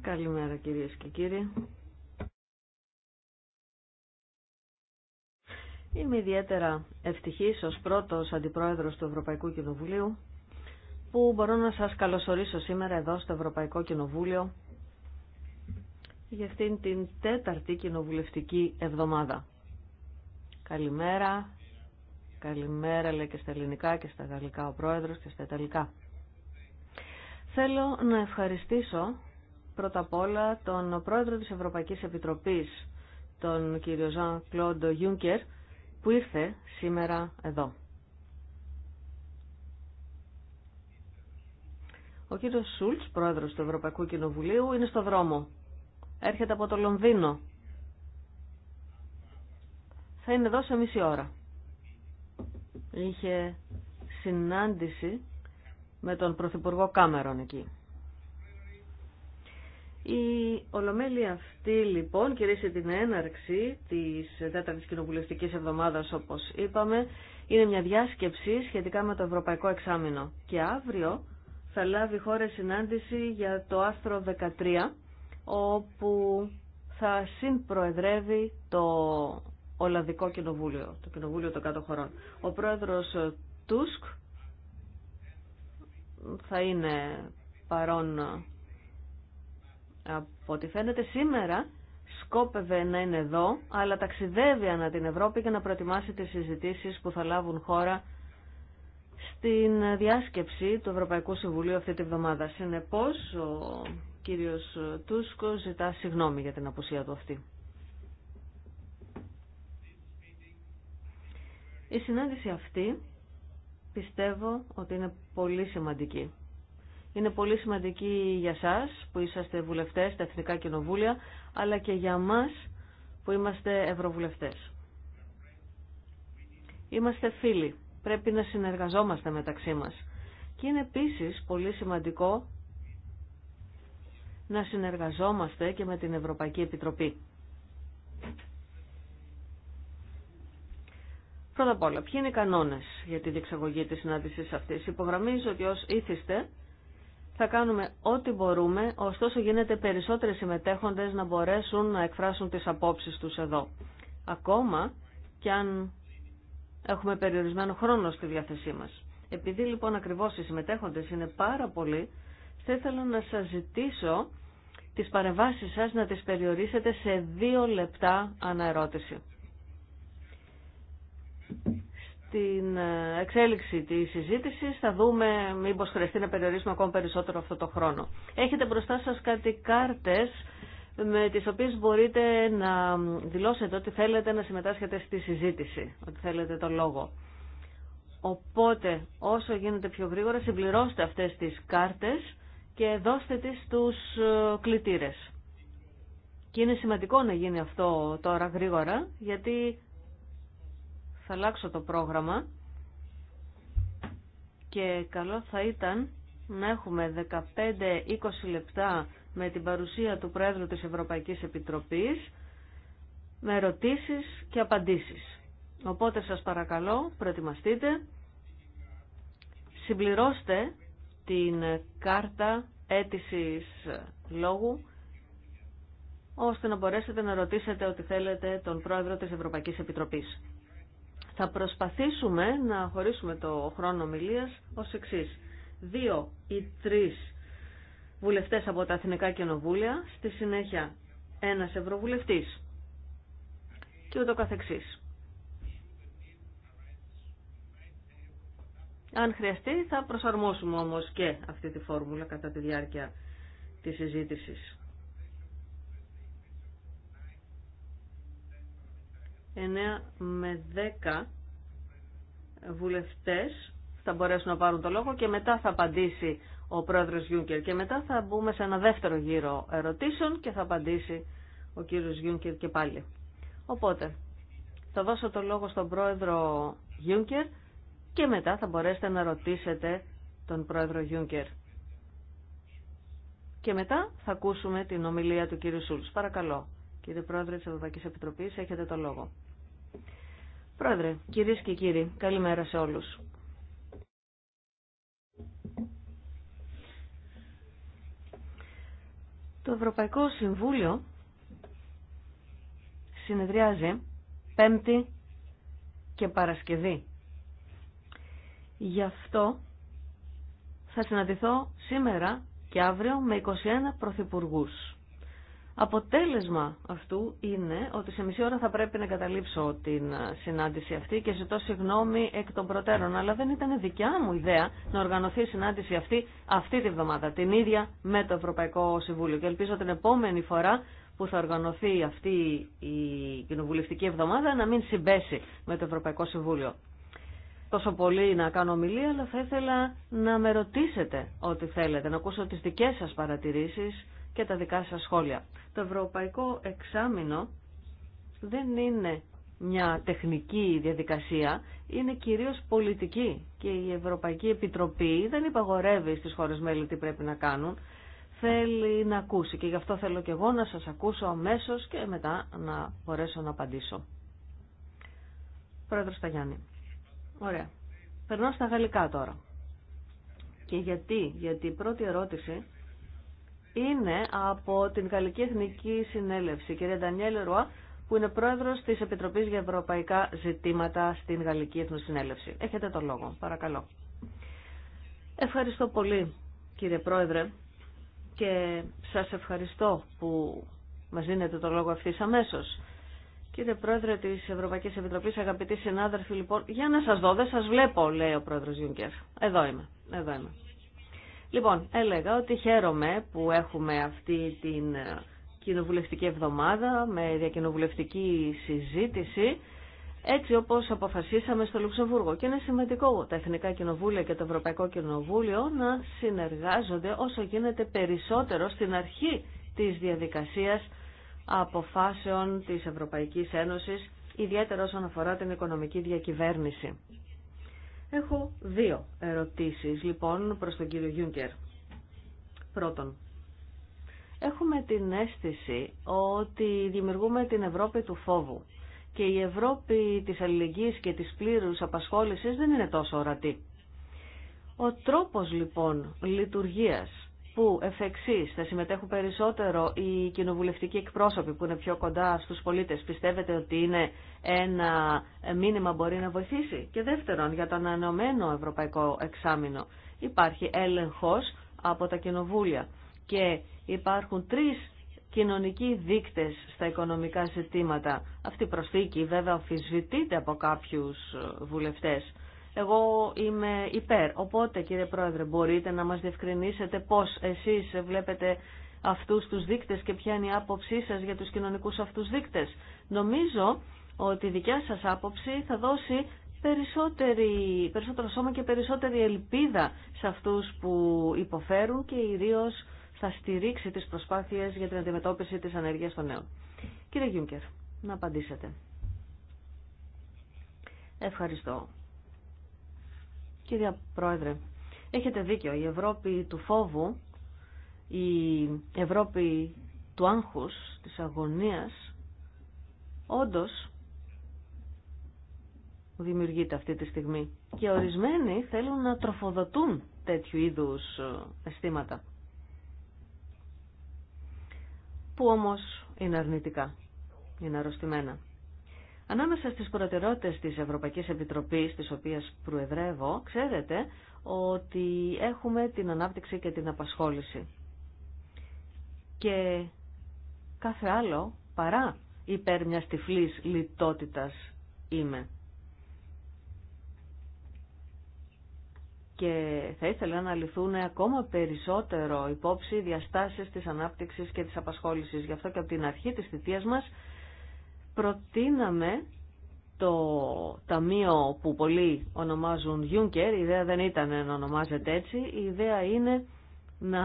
Καλημέρα κυρίες και κύριοι. Είμαι ιδιαίτερα ευτυχής ως πρώτος αντιπρόεδρος του Ευρωπαϊκού Κοινοβουλίου που μπορώ να σας καλωσορίσω σήμερα εδώ στο Ευρωπαϊκό Κοινοβούλιο για αυτήν την τέταρτη κοινοβουλευτική εβδομάδα. Καλημέρα, καλημέρα λέει και στα ελληνικά και στα γαλλικά ο πρόεδρος και στα ιταλικά. Θέλω να ευχαριστήσω πρώτα απ' όλα τον πρόεδρο της Ευρωπαϊκής Επιτροπής, τον κύριο Ζαν Κλόντο Γιούνκερ, που ήρθε σήμερα εδώ. Ο κύριος Σούλτς, πρόεδρος του Ευρωπαϊκού Κοινοβουλίου, είναι στο δρόμο. Έρχεται από το Λονδίνο. Θα είναι εδώ σε μισή ώρα. Είχε συνάντηση με τον Πρωθυπουργό Κάμερον εκεί. Η Ολομέλεια αυτή λοιπόν κηρύσσει την έναρξη της 4ης Κοινοβουλευτικής Εβδομάδας όπως είπαμε. Είναι μια διάσκεψη σχετικά με το Ευρωπαϊκό Εξάμεινο. Και αύριο θα λάβει χώρα συνάντηση για το άρθρο 13 όπου θα συμπροεδρεύει το Ολλανδικό Κοινοβούλιο, το Κοινοβούλιο των Κάτω Χωρών. Ο πρόεδρος Τούσκ θα είναι παρόν ε, από ό,τι φαίνεται σήμερα σκόπευε να είναι εδώ, αλλά ταξιδεύει ανά την Ευρώπη για να προετοιμάσει τις συζητήσεις που θα λάβουν χώρα στην διάσκεψη του Ευρωπαϊκού Συμβουλίου αυτή τη βδομάδα. Συνεπώς, ο κύριος Τούσκο ζητά συγγνώμη για την απουσία του αυτή. Η συνάντηση αυτή πιστεύω ότι είναι πολύ σημαντική. Είναι πολύ σημαντική για σας που είσαστε βουλευτές στα Εθνικά Κοινοβούλια, αλλά και για μας που είμαστε ευρωβουλευτές. Είμαστε φίλοι. Πρέπει να συνεργαζόμαστε μεταξύ μας. Και είναι επίσης πολύ σημαντικό να συνεργαζόμαστε και με την Ευρωπαϊκή Επιτροπή. Πρώτα απ' όλα, ποιοι είναι οι κανόνε για τη διεξαγωγή τη συνάντηση αυτή. Υπογραμμίζω ότι ω ήθιστε θα κάνουμε ό,τι μπορούμε, ωστόσο γίνεται περισσότεροι συμμετέχοντε να μπορέσουν να εκφράσουν τι απόψει του εδώ. Ακόμα και αν έχουμε περιορισμένο χρόνο στη διάθεσή μα. Επειδή λοιπόν ακριβώ οι συμμετέχοντε είναι πάρα πολλοί, θα ήθελα να σα ζητήσω τι παρεμβάσει σα να τι περιορίσετε σε δύο λεπτά αναερώτηση στην ε, εξέλιξη τη συζήτηση. θα δούμε μήπω χρειαστεί να περιορίσουμε ακόμα περισσότερο αυτό το χρόνο. Έχετε μπροστά σας κάτι κάρτες με τις οποίες μπορείτε να δηλώσετε ότι θέλετε να συμμετάσχετε στη συζήτηση, ότι θέλετε το λόγο. Οπότε όσο γίνεται πιο γρήγορα συμπληρώστε αυτές τις κάρτες και δώστε τις στους ε, κλητήρες. Και είναι σημαντικό να γίνει αυτό τώρα γρήγορα γιατί θα αλλάξω το πρόγραμμα και καλό θα ήταν να έχουμε 15-20 λεπτά με την παρουσία του Πρόεδρου της Ευρωπαϊκής Επιτροπής με ερωτήσεις και απαντήσεις. Οπότε σας παρακαλώ, προετοιμαστείτε, συμπληρώστε την κάρτα αίτησης λόγου ώστε να μπορέσετε να ρωτήσετε ό,τι θέλετε τον Πρόεδρο της Ευρωπαϊκής Επιτροπής. Θα προσπαθήσουμε να χωρίσουμε το χρόνο ομιλία ως εξής. Δύο ή τρεις βουλευτές από τα Εθνικά Κοινοβούλια, στη συνέχεια ένας Ευρωβουλευτής και ούτω καθεξής. Αν χρειαστεί θα προσαρμόσουμε όμως και αυτή τη φόρμουλα κατά τη διάρκεια της συζήτησης. 9 με 10 βουλευτές θα μπορέσουν να πάρουν το λόγο και μετά θα απαντήσει ο πρόεδρος Γιούνκερ και μετά θα μπούμε σε ένα δεύτερο γύρο ερωτήσεων και θα απαντήσει ο κύριος Γιούνκερ και πάλι. Οπότε, θα δώσω το λόγο στον πρόεδρο Γιούνκερ και μετά θα μπορέσετε να ρωτήσετε τον πρόεδρο Γιούνκερ. Και μετά θα ακούσουμε την ομιλία του κύριου Σούλτς. Παρακαλώ, κύριε πρόεδρε της Ευρωπαϊκής Επιτροπή, έχετε το λόγο. Πρόεδρε, κυρίες και κύριοι, καλημέρα σε όλους. Το Ευρωπαϊκό Συμβούλιο συνεδριάζει Πέμπτη και Παρασκευή. Γι' αυτό θα συναντηθώ σήμερα και αύριο με 21 πρωθυπουργούς. Αποτέλεσμα αυτού είναι ότι σε μισή ώρα θα πρέπει να καταλήψω την ε, συνάντηση αυτή και ζητώ συγγνώμη εκ των προτέρων, αλλά δεν ήταν δικιά μου ιδέα να οργανωθεί η συνάντηση αυτή αυτή τη βδομάδα, την ίδια με το Ευρωπαϊκό Συμβούλιο. Και ελπίζω την επόμενη φορά που θα οργανωθεί αυτή η κοινοβουλευτική εβδομάδα να μην συμπέσει με το Ευρωπαϊκό Συμβούλιο. Τόσο πολύ να κάνω ομιλία, αλλά θα ήθελα να με ρωτήσετε ό,τι θέλετε, να ακούσω τις δικές σας παρατηρήσεις και τα δικά σας σχόλια. Το ευρωπαϊκό εξάμεινο δεν είναι μια τεχνική διαδικασία, είναι κυρίως πολιτική και η Ευρωπαϊκή Επιτροπή δεν υπαγορεύει στις χώρες μέλη τι πρέπει να κάνουν, θέλει να ακούσει και γι' αυτό θέλω και εγώ να σας ακούσω αμέσως και μετά να μπορέσω να απαντήσω. Πρόεδρος Σταγιάννη. Ωραία. Περνώ στα γαλλικά τώρα. Και γιατί, γιατί η πρώτη ερώτηση είναι από την Γαλλική Εθνική Συνέλευση, κυρία Ντανιέλ Ρουά, που είναι πρόεδρος της Επιτροπής για Ευρωπαϊκά Ζητήματα στην Γαλλική Εθνοσυνέλευση. Έχετε το λόγο, παρακαλώ. Ευχαριστώ πολύ, κύριε Πρόεδρε, και σας ευχαριστώ που μας δίνετε το λόγο ευθύ αμέσω. Κύριε Πρόεδρε της Ευρωπαϊκής Επιτροπής, αγαπητοί συνάδελφοι, λοιπόν, για να σα δω, δεν σας βλέπω, λέει ο πρόεδρο Γιούνκερ. Εδώ είμαι, εδώ είμαι. Λοιπόν, έλεγα ότι χαίρομαι που έχουμε αυτή την ε, κοινοβουλευτική εβδομάδα με διακοινοβουλευτική συζήτηση έτσι όπως αποφασίσαμε στο Λουξεμβούργο. Και είναι σημαντικό τα Εθνικά Κοινοβούλια και το Ευρωπαϊκό Κοινοβούλιο να συνεργάζονται όσο γίνεται περισσότερο στην αρχή της διαδικασίας αποφάσεων της Ευρωπαϊκής Ένωσης, ιδιαίτερα όσον αφορά την οικονομική διακυβέρνηση. Έχω δύο ερωτήσεις λοιπόν προς τον κύριο Γιούγκερ. Πρώτον, έχουμε την αίσθηση ότι δημιουργούμε την Ευρώπη του φόβου και η Ευρώπη της αλληλεγγύης και της πλήρους απασχόλησης δεν είναι τόσο ορατή. Ο τρόπος λοιπόν λειτουργίας που εφ' θα συμμετέχουν περισσότερο οι κοινοβουλευτικοί εκπρόσωποι που είναι πιο κοντά στους πολίτες. Πιστεύετε ότι είναι ένα μήνυμα μπορεί να βοηθήσει. Και δεύτερον, για το ανανεωμένο ευρωπαϊκό εξάμεινο υπάρχει έλεγχος από τα κοινοβούλια και υπάρχουν τρεις κοινωνικοί δείκτες στα οικονομικά ζητήματα. Αυτή η προσθήκη βέβαια αμφισβητείται από κάποιους ε, βουλευτές. Εγώ είμαι υπέρ. Οπότε κύριε Πρόεδρε μπορείτε να μας διευκρινίσετε πώς εσείς βλέπετε αυτούς τους δείκτες και ποια είναι η άποψή σας για τους κοινωνικούς αυτούς δείκτες. Νομίζω ότι η δικιά σας άποψη θα δώσει περισσότερη, περισσότερο σώμα και περισσότερη ελπίδα σε αυτούς που υποφέρουν και ιδίω θα στηρίξει τις προσπάθειες για την αντιμετώπιση της ανεργίας των νέων. Κύριε Γιούνκερ, να απαντήσετε. Ευχαριστώ. Κυρία Πρόεδρε, έχετε δίκιο. Η Ευρώπη του φόβου, η Ευρώπη του άγχους, της αγωνίας, όντως δημιουργείται αυτή τη στιγμή. Και ορισμένοι θέλουν να τροφοδοτούν τέτοιου είδους ε, αισθήματα. Που όμως είναι αρνητικά, είναι αρρωστημένα. Ανάμεσα στις προτεραιότητες της Ευρωπαϊκής Επιτροπής, της οποίας προεδρεύω, ξέρετε ότι έχουμε την ανάπτυξη και την απασχόληση. Και κάθε άλλο παρά υπέρ μιας τυφλής λιτότητας είμαι. Και θα ήθελα να λυθούν ακόμα περισσότερο υπόψη διαστάσεις της ανάπτυξης και της απασχόλησης. Γι' αυτό και από την αρχή της θητείας μας προτείναμε το ταμείο που πολλοί ονομάζουν Juncker, η ιδέα δεν ήταν να ονομάζεται έτσι, η ιδέα είναι να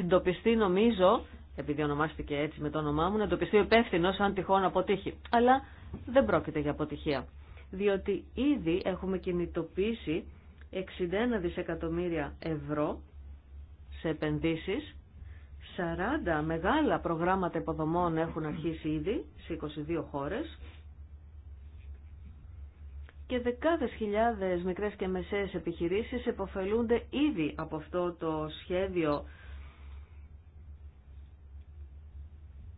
εντοπιστεί νομίζω, επειδή ονομάστηκε έτσι με το όνομά μου, να εντοπιστεί ο υπεύθυνο αν τυχόν αποτύχει. Αλλά δεν πρόκειται για αποτυχία. Διότι ήδη έχουμε κινητοποιήσει 61 δισεκατομμύρια ευρώ σε επενδύσεις 40 μεγάλα προγράμματα υποδομών έχουν αρχίσει ήδη σε 22 χώρες και δεκάδες χιλιάδες μικρές και μεσαίες επιχειρήσεις επωφελούνται ήδη από αυτό το σχέδιο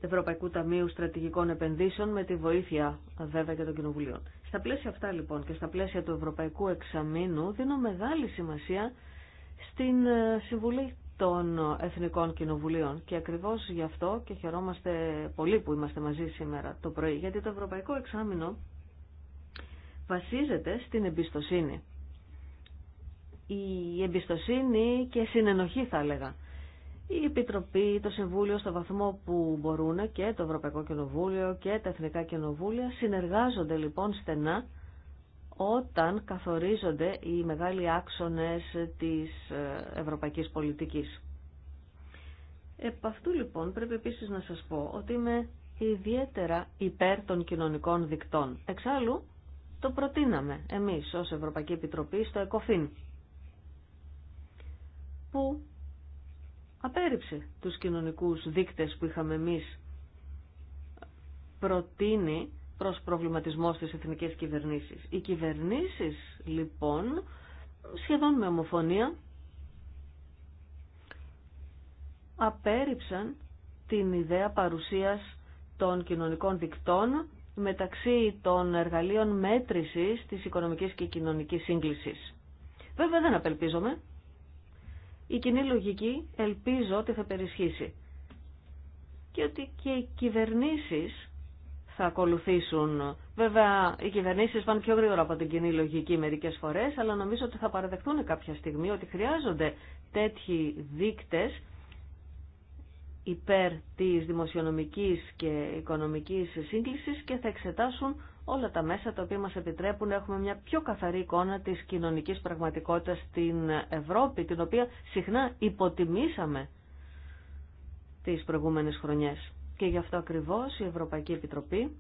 Ευρωπαϊκού Ταμείου Στρατηγικών Επενδύσεων με τη βοήθεια βέβαια και των κοινοβουλίων. Στα πλαίσια αυτά λοιπόν και στα πλαίσια του Ευρωπαϊκού Εξαμήνου δίνω μεγάλη σημασία στην ε, συμβουλή των Εθνικών Κοινοβουλίων. Και ακριβώς γι' αυτό και χαιρόμαστε πολύ που είμαστε μαζί σήμερα το πρωί, γιατί το Ευρωπαϊκό Εξάμεινο βασίζεται στην εμπιστοσύνη. Η εμπιστοσύνη και συνενοχή θα έλεγα. Η Επιτροπή, το Συμβούλιο στο βαθμό που μπορούν και το Ευρωπαϊκό Κοινοβούλιο και τα Εθνικά Κοινοβούλια συνεργάζονται λοιπόν στενά όταν καθορίζονται οι μεγάλοι άξονες της ε, ευρωπαϊκής πολιτικής. Επ' αυτού λοιπόν πρέπει επίσης να σας πω ότι είμαι ιδιαίτερα υπέρ των κοινωνικών δικτών. Εξάλλου το προτείναμε εμείς ως Ευρωπαϊκή Επιτροπή στο ΕΚΟΦΗΝ που απέριψε τους κοινωνικούς δείκτες που είχαμε εμείς προτείνει προς προβληματισμό στις εθνικές κυβερνήσεις. Οι κυβερνήσεις λοιπόν σχεδόν με ομοφωνία απέρριψαν την ιδέα παρουσίας των κοινωνικών δικτών μεταξύ των εργαλείων μέτρησης της οικονομικής και κοινωνικής σύγκλησης. Βέβαια δεν απελπίζομαι. Η κοινή λογική ελπίζω ότι θα περισχύσει. Και ότι και οι κυβερνήσεις θα ακολουθήσουν. Βέβαια, οι κυβερνήσεις πάνε πιο γρήγορα από την κοινή λογική μερικές φορές, αλλά νομίζω ότι θα παραδεχτούν κάποια στιγμή ότι χρειάζονται τέτοιοι δείκτε υπέρ τη δημοσιονομικής και οικονομικής σύγκληση και θα εξετάσουν όλα τα μέσα τα οποία μας επιτρέπουν να έχουμε μια πιο καθαρή εικόνα της κοινωνικής πραγματικότητας στην Ευρώπη, την οποία συχνά υποτιμήσαμε τις προηγούμενες χρονιές. Και γι' αυτό ακριβώς η Ευρωπαϊκή Επιτροπή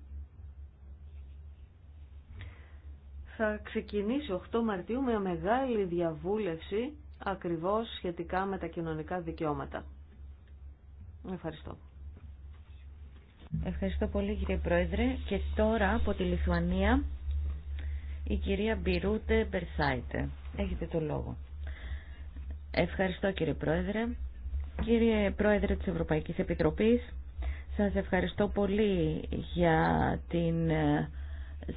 θα ξεκινήσει 8 Μαρτίου με μεγάλη διαβούλευση ακριβώς σχετικά με τα κοινωνικά δικαιώματα. Ευχαριστώ. Ευχαριστώ πολύ κύριε Πρόεδρε. Και τώρα από τη Λιθουανία η κυρία Μπιρούτε Μπερσάιτε. Έχετε το λόγο. Ευχαριστώ κύριε Πρόεδρε. Κύριε Πρόεδρε της Ευρωπαϊκής Επιτροπής, σας ευχαριστώ πολύ για την ε,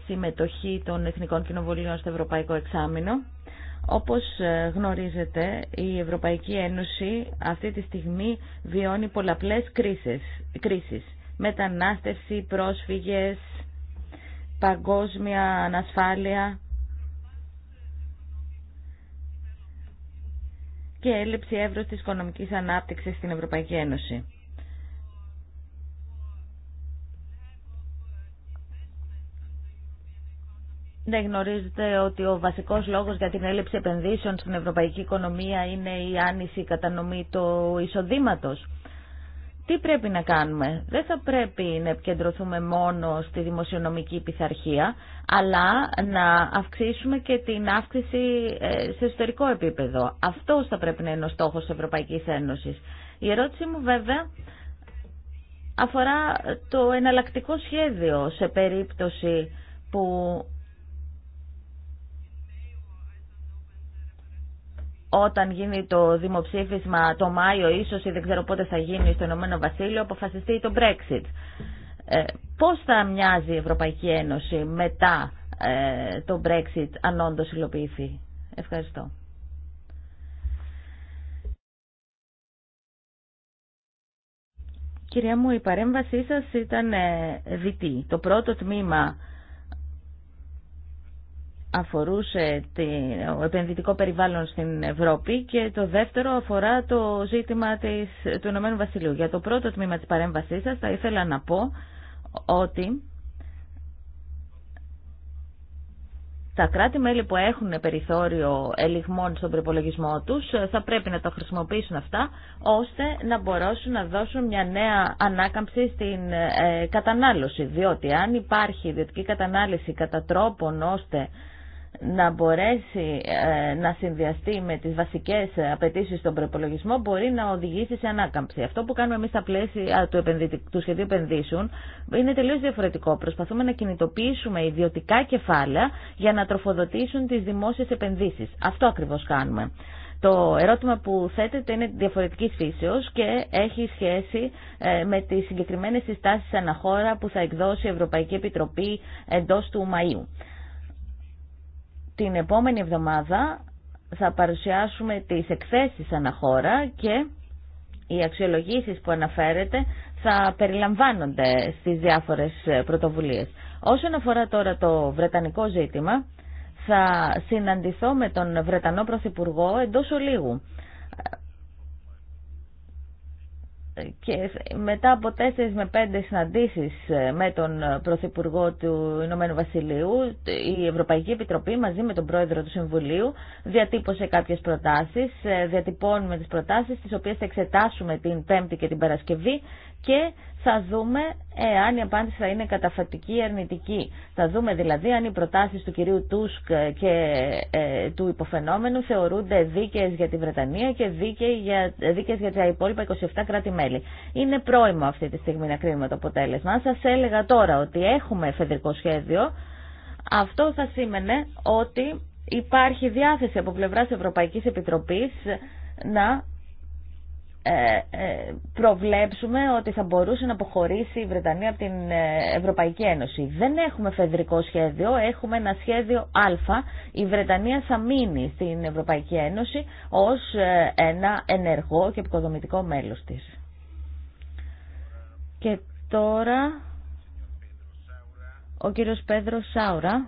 συμμετοχή των Εθνικών Κοινοβουλίων στο Ευρωπαϊκό Εξάμεινο. Όπως ε, γνωρίζετε, η Ευρωπαϊκή Ένωση αυτή τη στιγμή βιώνει πολλαπλές κρίσεις. Μετανάστευση, πρόσφυγες, παγκόσμια ανασφάλεια και έλλειψη εύρωσης οικονομικής ανάπτυξης στην Ευρωπαϊκή Ένωση. δεν ναι, γνωρίζετε ότι ο βασικός λόγος για την έλλειψη επενδύσεων στην ευρωπαϊκή οικονομία είναι η άνηση κατανομή του εισοδήματος. Τι πρέπει να κάνουμε. Δεν θα πρέπει να επικεντρωθούμε μόνο στη δημοσιονομική πειθαρχία, αλλά να αυξήσουμε και την αύξηση ε, σε εσωτερικό επίπεδο. Αυτό θα πρέπει να είναι ο στόχος της Ευρωπαϊκής Ένωσης. Η ερώτησή μου βέβαια αφορά το εναλλακτικό σχέδιο σε περίπτωση που όταν γίνει το δημοψήφισμα το Μάιο ίσως ή δεν ξέρω πότε θα γίνει στο Ηνωμένο Βασίλειο αποφασιστεί το Brexit. Ε, πώς θα μοιάζει η Ευρωπαϊκή Ένωση μετά ε, το Brexit αν όντω υλοποιηθεί. Ευχαριστώ. Κυρία μου, η παρέμβασή σας ήταν ε, δυτή. Το πρώτο τμήμα αφορούσε το επενδυτικό περιβάλλον στην Ευρώπη και το δεύτερο αφορά το ζήτημα της, του Ηνωμένου Βασιλείου. Για το πρώτο τμήμα της παρέμβασής σας θα ήθελα να πω ότι τα κράτη-μέλη που έχουν περιθώριο ελιγμών στον προπολογισμό τους θα πρέπει να τα χρησιμοποιήσουν αυτά ώστε να μπορέσουν να δώσουν μια νέα ανάκαμψη στην ε, κατανάλωση. Διότι αν υπάρχει ιδιωτική κατανάλωση κατά τρόπον ώστε να μπορέσει ε, να συνδυαστεί με τις βασικές απαιτήσει στον προπολογισμό μπορεί να οδηγήσει σε ανάκαμψη. Αυτό που κάνουμε εμείς στα πλαίσια του, του σχεδίου επενδύσεων είναι τελείως διαφορετικό. Προσπαθούμε να κινητοποιήσουμε ιδιωτικά κεφάλαια για να τροφοδοτήσουν τις δημόσιες επενδύσεις. Αυτό ακριβώς κάνουμε. Το ερώτημα που θέτεται είναι διαφορετική φύσεως και έχει σχέση ε, με τις συγκεκριμένες συστάσεις αναχώρα που θα εκδώσει η Ευρωπαϊκή Επιτροπή εντός του Μαΐου την επόμενη εβδομάδα θα παρουσιάσουμε τις εκθέσεις αναχώρα και οι αξιολογήσεις που αναφέρεται θα περιλαμβάνονται στις διάφορες πρωτοβουλίες. Όσον αφορά τώρα το βρετανικό ζήτημα, θα συναντηθώ με τον Βρετανό Πρωθυπουργό εντός ολίγου. και μετά από τέσσερις με πέντε συναντήσεις ε, με τον ε, Πρωθυπουργό του Ηνωμένου Βασιλείου, η Ευρωπαϊκή Επιτροπή μαζί με τον Πρόεδρο του Συμβουλίου διατύπωσε κάποιες προτάσεις, ε, διατυπώνουμε τις προτάσεις τις οποίες θα εξετάσουμε την Πέμπτη και την Παρασκευή και θα δούμε εάν η απάντηση θα είναι καταφατική ή αρνητική. Θα δούμε δηλαδή αν οι προτάσεις του κυρίου Τούσκ και ε, του υποφαινόμενου θεωρούνται δίκαιες για τη Βρετανία και δίκαιες για, δίκαιες για τα υπόλοιπα 27 κράτη-μέλη. Είναι πρόημο αυτή τη στιγμή να κρίνουμε το αποτέλεσμα. Αν σας έλεγα τώρα ότι έχουμε εφεδρικό σχέδιο, αυτό θα σήμαινε ότι υπάρχει διάθεση από πλευράς Ευρωπαϊκής Επιτροπής να ε, ε, προβλέψουμε ότι θα μπορούσε να αποχωρήσει η Βρετανία από την ε, Ευρωπαϊκή Ένωση. Δεν έχουμε φεδρικό σχέδιο, έχουμε ένα σχέδιο Α. Η Βρετανία θα μείνει στην Ευρωπαϊκή Ένωση ως ένα ενεργό και επικοδομητικό μέλος της. Και τώρα ο κύριος Πέδρος Σάουρα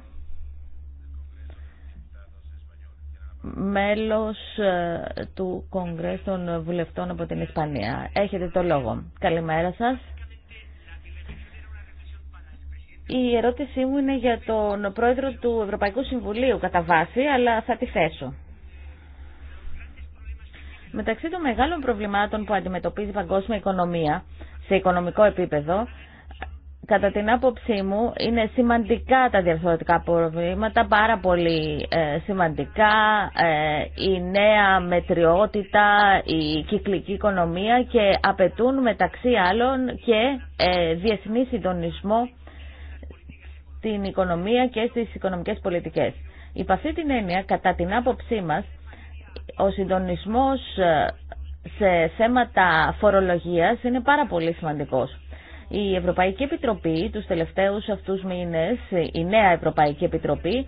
μέλος ε, του Κογκρές των Βουλευτών από την Ισπανία. Έχετε το λόγο. Καλημέρα σας. Η ερώτησή μου είναι για τον πρόεδρο του Ευρωπαϊκού Συμβουλίου κατά βάση, αλλά θα τη θέσω. Μεταξύ των μεγάλων προβλημάτων που αντιμετωπίζει η παγκόσμια οικονομία σε οικονομικό επίπεδο κατά την άποψή μου είναι σημαντικά τα διαρθρωτικά προβλήματα, πάρα πολύ ε, σημαντικά, ε, η νέα μετριότητα, η κυκλική οικονομία και απαιτούν μεταξύ άλλων και ε, διεθνή συντονισμό στην οικονομία και στις οικονομικές πολιτικές. Υπ' αυτή την έννοια, κατά την άποψή μας, ο συντονισμός ε, σε θέματα φορολογίας είναι πάρα πολύ σημαντικός. Η Ευρωπαϊκή Επιτροπή τους τελευταίους αυτούς μήνες, η νέα Ευρωπαϊκή Επιτροπή,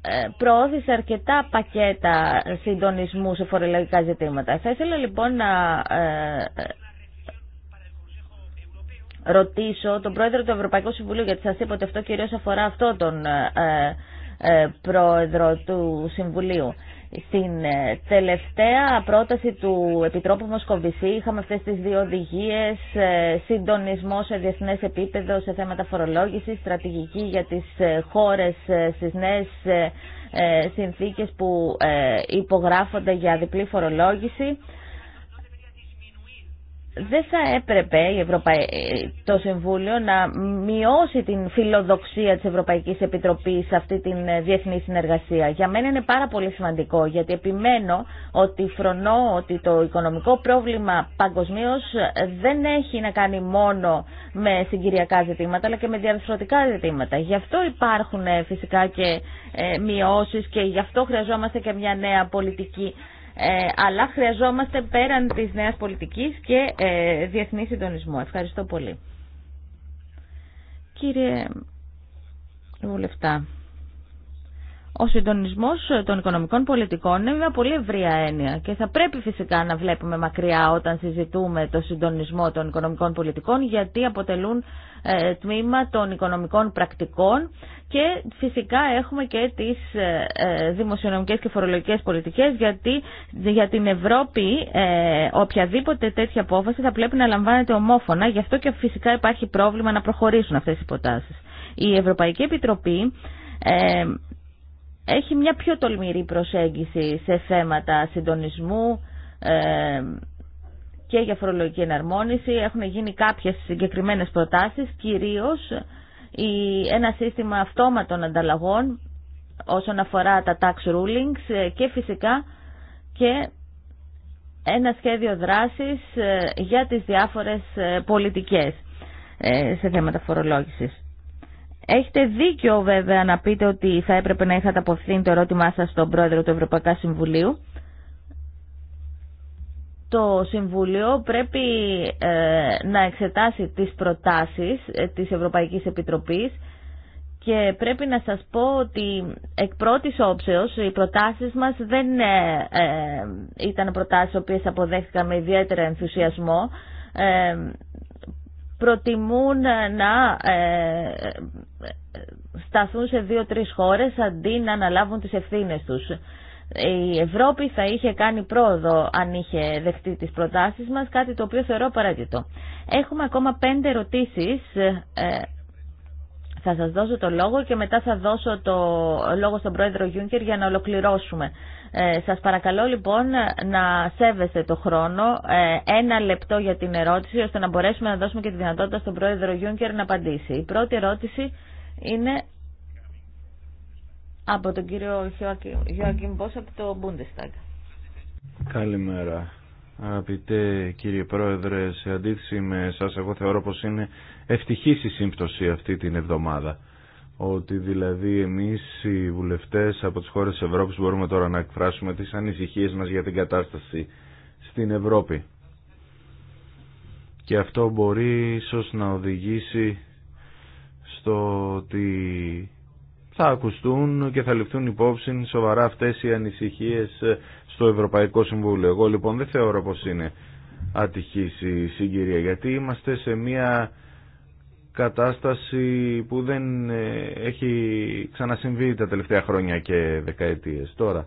ε, προώθησε αρκετά πακέτα συντονισμού σε φορολογικά ζητήματα. Θα ήθελα λοιπόν να ε, ρωτήσω τον πρόεδρο του Ευρωπαϊκού Συμβουλίου, γιατί σας είπα ότι αυτό κυρίως αφορά αυτό τον ε, πρόεδρο του Συμβουλίου. Στην ε, τελευταία πρόταση του Επιτρόπου Μοσκοβισή είχαμε αυτές τις δύο οδηγίες, ε, συντονισμό σε διεθνές επίπεδο σε θέματα φορολόγησης, στρατηγική για τις ε, χώρες στις νέες συνθήκες που υπογράφονται για διπλή φορολόγηση δεν θα έπρεπε η το Συμβούλιο να μειώσει την φιλοδοξία της Ευρωπαϊκής Επιτροπής σε αυτή τη ε, διεθνή συνεργασία. Για μένα είναι πάρα πολύ σημαντικό, γιατί επιμένω ότι φρονώ ότι το οικονομικό πρόβλημα παγκοσμίω ε, δεν έχει να κάνει μόνο με συγκυριακά ζητήματα, αλλά και με διαρθρωτικά ζητήματα. Γι' αυτό υπάρχουν ε, φυσικά και μειώσεις και γι' αυτό χρειαζόμαστε και μια νέα πολιτική ε, αλλά χρειαζόμαστε πέραν της νέας πολιτικής και ε, διεθνή συντονισμό. Ευχαριστώ πολύ. Κύριε Βουλευτά, ο συντονισμό των οικονομικών πολιτικών είναι μια πολύ ευρία έννοια και θα πρέπει φυσικά να βλέπουμε μακριά όταν συζητούμε το συντονισμό των οικονομικών πολιτικών γιατί αποτελούν ε, τμήμα των οικονομικών πρακτικών και φυσικά έχουμε και τις ε, ε, δημοσιονομικές και φορολογικές πολιτικές γιατί για την Ευρώπη οποιαδήποτε τέτοια απόφαση θα πρέπει να λαμβάνεται ομόφωνα γι' αυτό και φυσικά υπάρχει πρόβλημα να προχωρήσουν αυτές οι υποτάσεις. Η Ευρωπαϊκή Επιτροπή έχει μια πιο τολμηρή προσέγγιση σε θέματα συντονισμού ε, και για φορολογική εναρμόνιση. Έχουν γίνει κάποιες συγκεκριμένες προτάσεις, κυρίως η, ένα σύστημα αυτόματων ανταλλαγών όσον αφορά τα tax rulings ε, και φυσικά και ένα σχέδιο δράσης ε, για τις διάφορες ε, πολιτικές σε θέματα φορολόγησης. Έχετε δίκιο βέβαια να πείτε ότι θα έπρεπε να είχατε αποφθεί το ερώτημά σας στον πρόεδρο του Ευρωπαϊκού Συμβουλίου. Το Συμβούλιο πρέπει ε, να εξετάσει τις προτάσεις ε, της Ευρωπαϊκής Επιτροπής και πρέπει να σας πω ότι εκ πρώτης όψεως οι προτάσεις μας δεν ε, ήταν προτάσεις οποίες αποδέχτηκαν με ιδιαίτερο ενθουσιασμό προτιμούν να ε, σταθούν σε δύο-τρεις χώρες αντί να αναλάβουν τις ευθύνες τους. Η Ευρώπη θα είχε κάνει πρόοδο αν είχε δεχτεί τις προτάσεις μας, κάτι το οποίο θεωρώ απαραίτητο. Έχουμε ακόμα πέντε ερωτήσεις. Ε, θα σας δώσω το λόγο και μετά θα δώσω το λόγο στον πρόεδρο Γιούνκερ για να ολοκληρώσουμε. Ε, σας παρακαλώ λοιπόν να σέβεστε το χρόνο, ε, ένα λεπτό για την ερώτηση, ώστε να μπορέσουμε να δώσουμε και τη δυνατότητα στον πρόεδρο Γιούνκερ να απαντήσει. Η πρώτη ερώτηση είναι από τον κύριο Γιώακιμ Μπός από το Bundestag. Καλημέρα. Αγαπητέ κύριε Πρόεδρε, σε αντίθεση με εσάς εγώ θεωρώ πως είναι ευτυχής η σύμπτωση αυτή την εβδομάδα ότι δηλαδή εμείς οι βουλευτές από τις χώρες της Ευρώπης μπορούμε τώρα να εκφράσουμε τις ανησυχίες μας για την κατάσταση στην Ευρώπη. Και αυτό μπορεί ίσως να οδηγήσει στο ότι θα ακουστούν και θα ληφθούν υπόψη σοβαρά αυτές οι ανησυχίες στο Ευρωπαϊκό Συμβούλιο. Εγώ λοιπόν δεν θεωρώ πως είναι ατυχής η συγκυρία γιατί είμαστε σε μια κατάσταση που δεν ε, έχει ξανασυμβεί τα τελευταία χρόνια και δεκαετίες. Τώρα,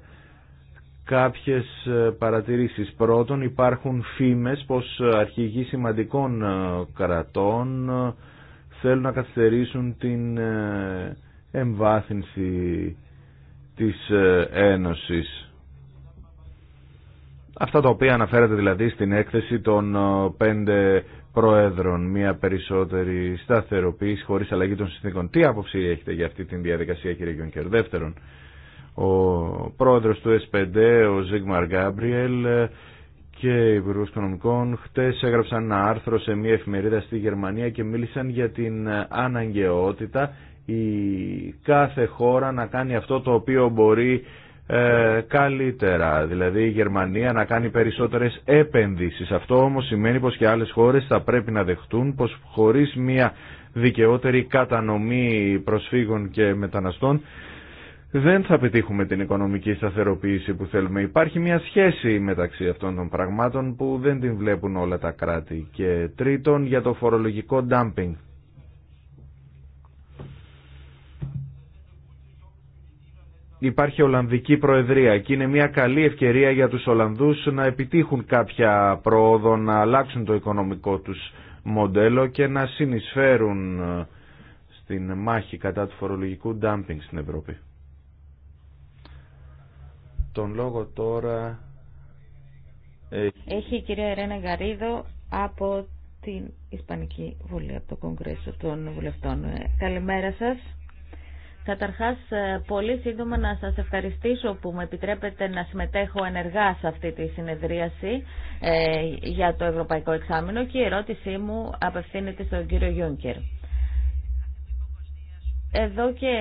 κάποιες ε, παρατηρήσεις. Πρώτον, υπάρχουν φήμες πως αρχηγοί σημαντικών ε, κρατών θέλουν να καθυστερήσουν την εμβάθυνση της Ένωσης. Αυτά τα οποία αναφέρατε δηλαδή στην έκθεση των πέντε Προέδρων μια περισσότερη σταθεροποίηση χωρίς αλλαγή των συνθήκων. Τι άποψη έχετε για αυτή την διαδικασία κύριε Γιονκέρ. Δεύτερον, ο πρόεδρος του S5, ο Ζίγμαρ Γκάμπριελ και οι υπουργοί οικονομικών χτες έγραψαν ένα άρθρο σε μια εφημερίδα στη Γερμανία και μίλησαν για την αναγκαιότητα η κάθε χώρα να κάνει αυτό το οποίο μπορεί ε, καλύτερα. Δηλαδή η Γερμανία να κάνει περισσότερες επενδύσεις. Αυτό όμως σημαίνει πως και άλλες χώρες θα πρέπει να δεχτούν πως χωρίς μια δικαιότερη κατανομή προσφύγων και μεταναστών δεν θα πετύχουμε την οικονομική σταθεροποίηση που θέλουμε. Υπάρχει μια σχέση μεταξύ αυτών των πραγμάτων που δεν την βλέπουν όλα τα κράτη. Και τρίτον για το φορολογικό ντάμπινγκ. υπάρχει Ολλανδική Προεδρία και είναι μια καλή ευκαιρία για τους Ολλανδούς να επιτύχουν κάποια πρόοδο, να αλλάξουν το οικονομικό τους μοντέλο και να συνεισφέρουν ε, στην μάχη κατά του φορολογικού ντάμπινγκ στην Ευρώπη. Τον λόγο τώρα... Έχει η κυρία Ερένα Γαρίδο από την Ισπανική Βουλή, από το Κογκρέσο των Βουλευτών. Ε, καλημέρα σας. Καταρχάς, ε, πολύ σύντομα να σας ευχαριστήσω που με επιτρέπετε να συμμετέχω ενεργά σε αυτή τη συνεδρίαση ε, για το Ευρωπαϊκό Εξάμεινο και η ερώτησή μου απευθύνεται στον κύριο Γιούνκερ. Εδώ και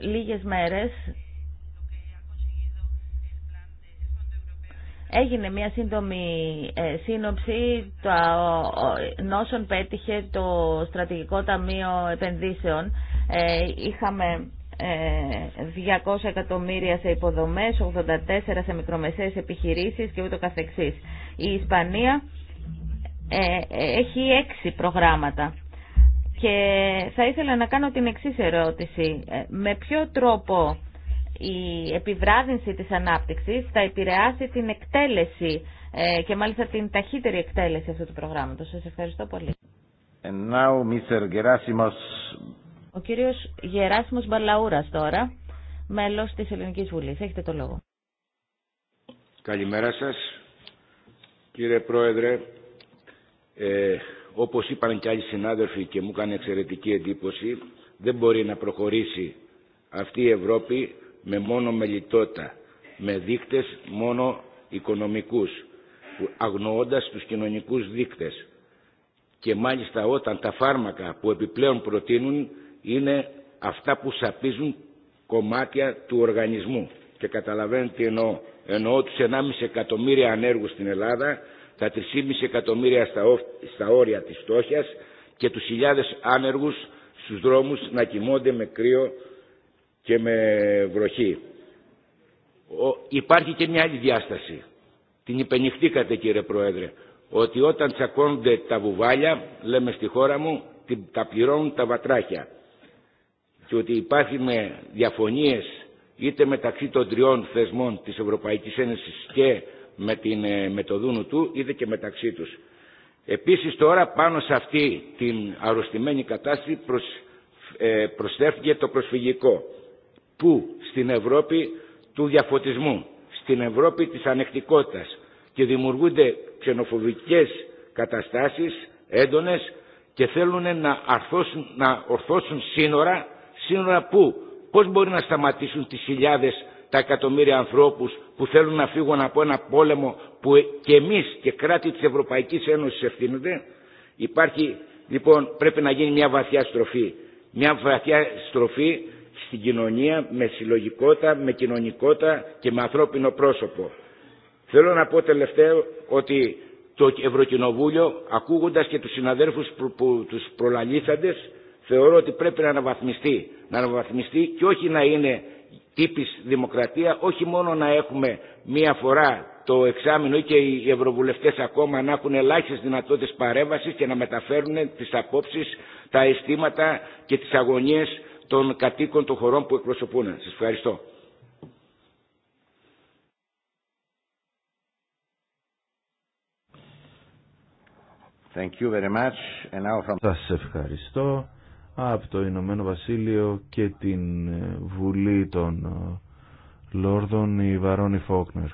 λίγες μέρες Έγινε μια σύντομη ε, σύνοψη των όσων πέτυχε το Στρατηγικό Ταμείο Επενδύσεων. Ε, είχαμε 200 ε, εκατομμύρια σε υποδομές, 84 σε μικρομεσαίες επιχειρήσεις και ούτω καθεξής. Η Ισπανία έχει έξι προγράμματα. Και θα ήθελα να κάνω την εξής ερώτηση. Με ποιο τρόπο η επιβράδυνση της ανάπτυξης θα επηρεάσει την εκτέλεση ε, και μάλιστα την ταχύτερη εκτέλεση αυτού του προγράμματος. Σας ευχαριστώ πολύ. now, Ο κύριος Γεράσιμος Μπαλαούρας τώρα, μέλος της Ελληνικής Βουλής. Έχετε το λόγο. Καλημέρα σας. Κύριε Πρόεδρε, ε, όπως είπαν και άλλοι συνάδελφοι και μου έκανε εξαιρετική εντύπωση, δεν μπορεί να προχωρήσει αυτή η Ευρώπη με μόνο μελιτότα, με δείκτες μόνο οικονομικούς, αγνοώντας τους κοινωνικούς δείκτες. Και μάλιστα όταν τα φάρμακα που επιπλέον προτείνουν είναι αυτά που σαπίζουν κομμάτια του οργανισμού. Και καταλαβαίνετε τι εννοώ. Εννοώ τους 1,5 εκατομμύρια ανέργους στην Ελλάδα, τα 3,5 εκατομμύρια στα, στα όρια της φτώχειας και τους χιλιάδες άνεργους στους δρόμους να κοιμώνται με κρύο και με βροχή. Υπάρχει και μια άλλη διάσταση. Την υπενυχτήκατε κύριε Πρόεδρε. Ότι όταν τσακώνονται τα βουβάλια, λέμε στη χώρα μου, τα πληρώνουν τα βατράχια. Και ότι υπάρχει με διαφωνίες είτε μεταξύ των τριών θεσμών της Ευρωπαϊκής Ένωσης και με, την, ε, με το Δούνου του, είτε και μεταξύ τους. Επίσης τώρα πάνω σε αυτή την αρρωστημένη κατάσταση προσ, ε, προσθέθηκε το προσφυγικό που στην Ευρώπη του διαφωτισμού, στην Ευρώπη της ανεκτικότητας και δημιουργούνται ξενοφοβικές καταστάσεις έντονες και θέλουν να, αρθώσουν, να ορθώσουν σύνορα, σύνορα που πώς μπορεί να σταματήσουν τις χιλιάδες τα εκατομμύρια ανθρώπους που θέλουν να φύγουν από ένα πόλεμο που και εμείς και κράτη της Ευρωπαϊκής Ένωσης ευθύνονται. Υπάρχει λοιπόν πρέπει να γίνει μια βαθιά στροφή. Μια βαθιά στροφή στην κοινωνία με συλλογικότητα, με κοινωνικότητα και με ανθρώπινο πρόσωπο. Θέλω να πω τελευταίο ότι το Ευρωκοινοβούλιο, ακούγοντας και τους συναδέρφους που, που τους προλαλήθαντες, θεωρώ ότι πρέπει να αναβαθμιστεί. Να αναβαθμιστεί και όχι να είναι τύπης δημοκρατία, όχι μόνο να έχουμε μία φορά το εξάμεινο ή και οι ευρωβουλευτές ακόμα να έχουν ελάχιστε δυνατότητες παρέμβασης και να μεταφέρουν τις απόψεις, τα αισθήματα και τις αγωνίες των κατοίκων των χωρών που εκπροσωπούν. Σας ευχαριστώ. Thank you very much. And now from... Σας ευχαριστώ από το Ηνωμένο Βασίλειο και την ε, Βουλή των ε, Λόρδων η Βαρόνη Φόκνερ.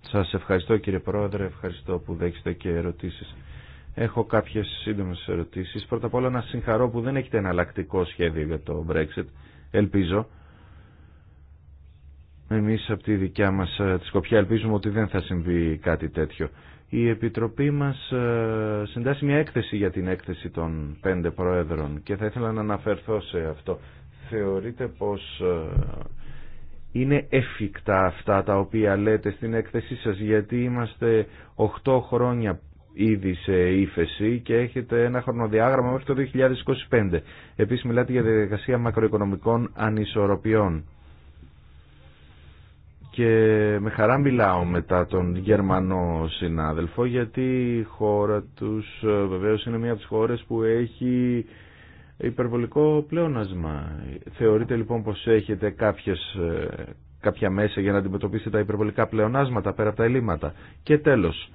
Σας ευχαριστώ κύριε Πρόεδρε, ευχαριστώ που δέχεστε και ερωτήσεις. Έχω κάποιες σύντομε ερωτήσεις. Πρώτα απ' όλα να συγχαρώ που δεν έχετε εναλλακτικό σχέδιο για το Brexit. Ελπίζω. Εμείς από τη δικιά μας ε, τη Σκοπιά ελπίζουμε ότι δεν θα συμβεί κάτι τέτοιο. Η Επιτροπή μας ε, συντάσσει μια έκθεση για την έκθεση των πέντε πρόεδρων και θα ήθελα να αναφερθώ σε αυτό. Θεωρείτε πως ε, είναι εφικτά αυτά τα οποία λέτε στην έκθεσή σας γιατί είμαστε 8 χρόνια ήδη σε ύφεση και έχετε ένα χρονοδιάγραμμα μέχρι το 2025. Επίσης μιλάτε για διαδικασία μακροοικονομικών ανισορροπιών. Και με χαρά μιλάω μετά τον Γερμανό συνάδελφο γιατί η χώρα τους ε, βεβαίως είναι μια από τις χώρες που έχει υπερβολικό πλεόνασμα. Θεωρείτε λοιπόν πως έχετε κάποιες, ε, κάποια μέσα για να αντιμετωπίσετε τα υπερβολικά πλεονάσματα πέρα από τα ελλείμματα. Και τέλος,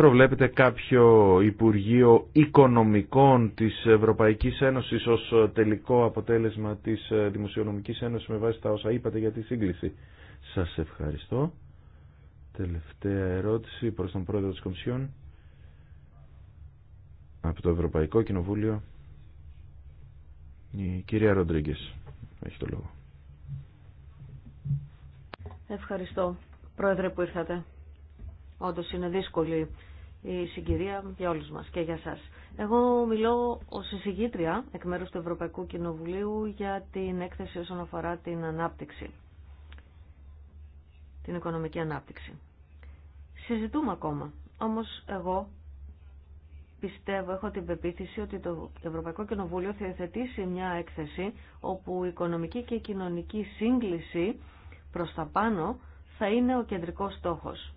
προβλέπετε κάποιο Υπουργείο Οικονομικών της Ευρωπαϊκής Ένωσης ως ε, τελικό αποτέλεσμα της ε, Δημοσιονομικής Ένωσης με βάση τα όσα είπατε για τη σύγκληση. Σας ευχαριστώ. Τελευταία ερώτηση προς τον Πρόεδρο της Κομισιόν από το Ευρωπαϊκό Κοινοβούλιο. Η κυρία Ροντρίγκε έχει το λόγο. Ευχαριστώ, Πρόεδρε, που ήρθατε. Όντως είναι δύσκολη η συγκυρία για όλου μα και για εσά. Εγώ μιλώ ω εισηγήτρια εκ μέρου του Ευρωπαϊκού Κοινοβουλίου για την έκθεση όσον αφορά την ανάπτυξη, την οικονομική ανάπτυξη. Συζητούμε ακόμα, όμω εγώ πιστεύω, έχω την πεποίθηση ότι το Ευρωπαϊκό Κοινοβούλιο θα υιοθετήσει μια έκθεση όπου η οικονομική και η κοινωνική σύγκληση προς τα πάνω θα είναι ο κεντρικός στόχος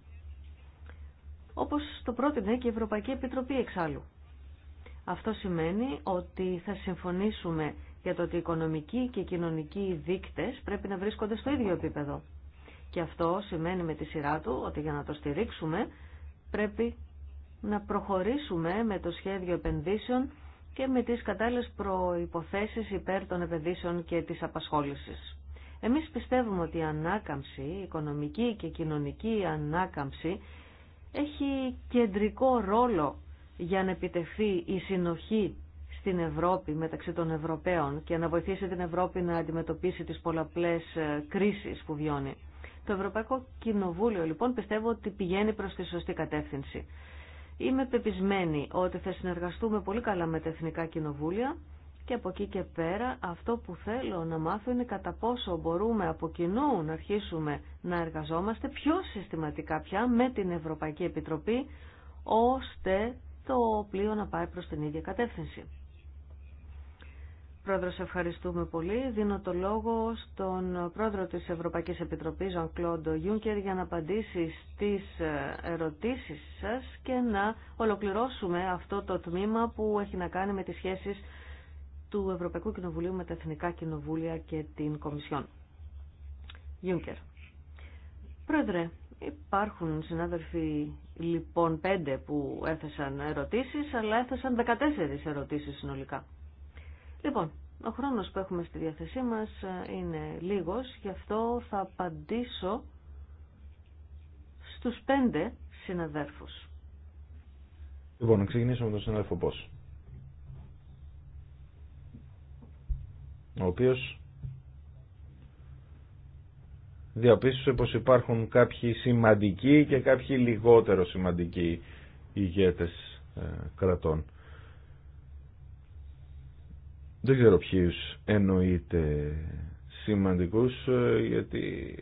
όπως το πρότεινε και η Ευρωπαϊκή Επιτροπή εξάλλου. Αυτό σημαίνει ότι θα συμφωνήσουμε για το ότι οικονομικοί και κοινωνικοί δείκτες πρέπει να βρίσκονται στο ίδιο επίπεδο. Και αυτό σημαίνει με τη σειρά του ότι για να το στηρίξουμε πρέπει να προχωρήσουμε με το σχέδιο επενδύσεων και με τις κατάλληλες προϋποθέσεις υπέρ των επενδύσεων και της απασχόλησης. Εμείς πιστεύουμε ότι η ανάκαμψη, η οικονομική και κοινωνική ανάκαμψη έχει κεντρικό ρόλο για να επιτευχθεί η συνοχή στην Ευρώπη μεταξύ των Ευρωπαίων και να βοηθήσει την Ευρώπη να αντιμετωπίσει τις πολλαπλές ε, κρίσεις που βιώνει. Το Ευρωπαϊκό Κοινοβούλιο λοιπόν πιστεύω ότι πηγαίνει προς τη σωστή κατεύθυνση. Είμαι πεπισμένη ότι θα συνεργαστούμε πολύ καλά με τα Εθνικά Κοινοβούλια και από εκεί και πέρα αυτό που θέλω να μάθω είναι κατά πόσο μπορούμε από κοινού να αρχίσουμε να εργαζόμαστε πιο συστηματικά πια με την Ευρωπαϊκή Επιτροπή ώστε το πλοίο να πάει προς την ίδια κατεύθυνση. Πρόεδρο, ευχαριστούμε πολύ. Δίνω το λόγο στον πρόεδρο της Ευρωπαϊκής Επιτροπής, Ζαν Κλόντο Γιούνκερ, για να απαντήσει στις ε, ερωτήσεις σας και να ολοκληρώσουμε αυτό το τμήμα που έχει να κάνει με τις σχέσεις του Ευρωπαϊκού Κοινοβουλίου με τα Εθνικά Κοινοβούλια και την Κομισιόν. Γιούνκερ. Πρόεδρε, υπάρχουν συνάδελφοι λοιπόν πέντε που έθεσαν ερωτήσεις, αλλά έθεσαν 14 ερωτήσεις συνολικά. Λοιπόν, ο χρόνος που έχουμε στη διάθεσή μας ε, είναι λίγος, γι' αυτό θα απαντήσω στους πέντε συναδέρφους. Λοιπόν, να ξεκινήσουμε με τον συνάδελφο πώ. ο οποίος διαπίστωσε πως υπάρχουν κάποιοι σημαντικοί και κάποιοι λιγότερο σημαντικοί ηγέτες ε, κρατών. Δεν ξέρω ποιους εννοείται σημαντικούς, ε, γιατί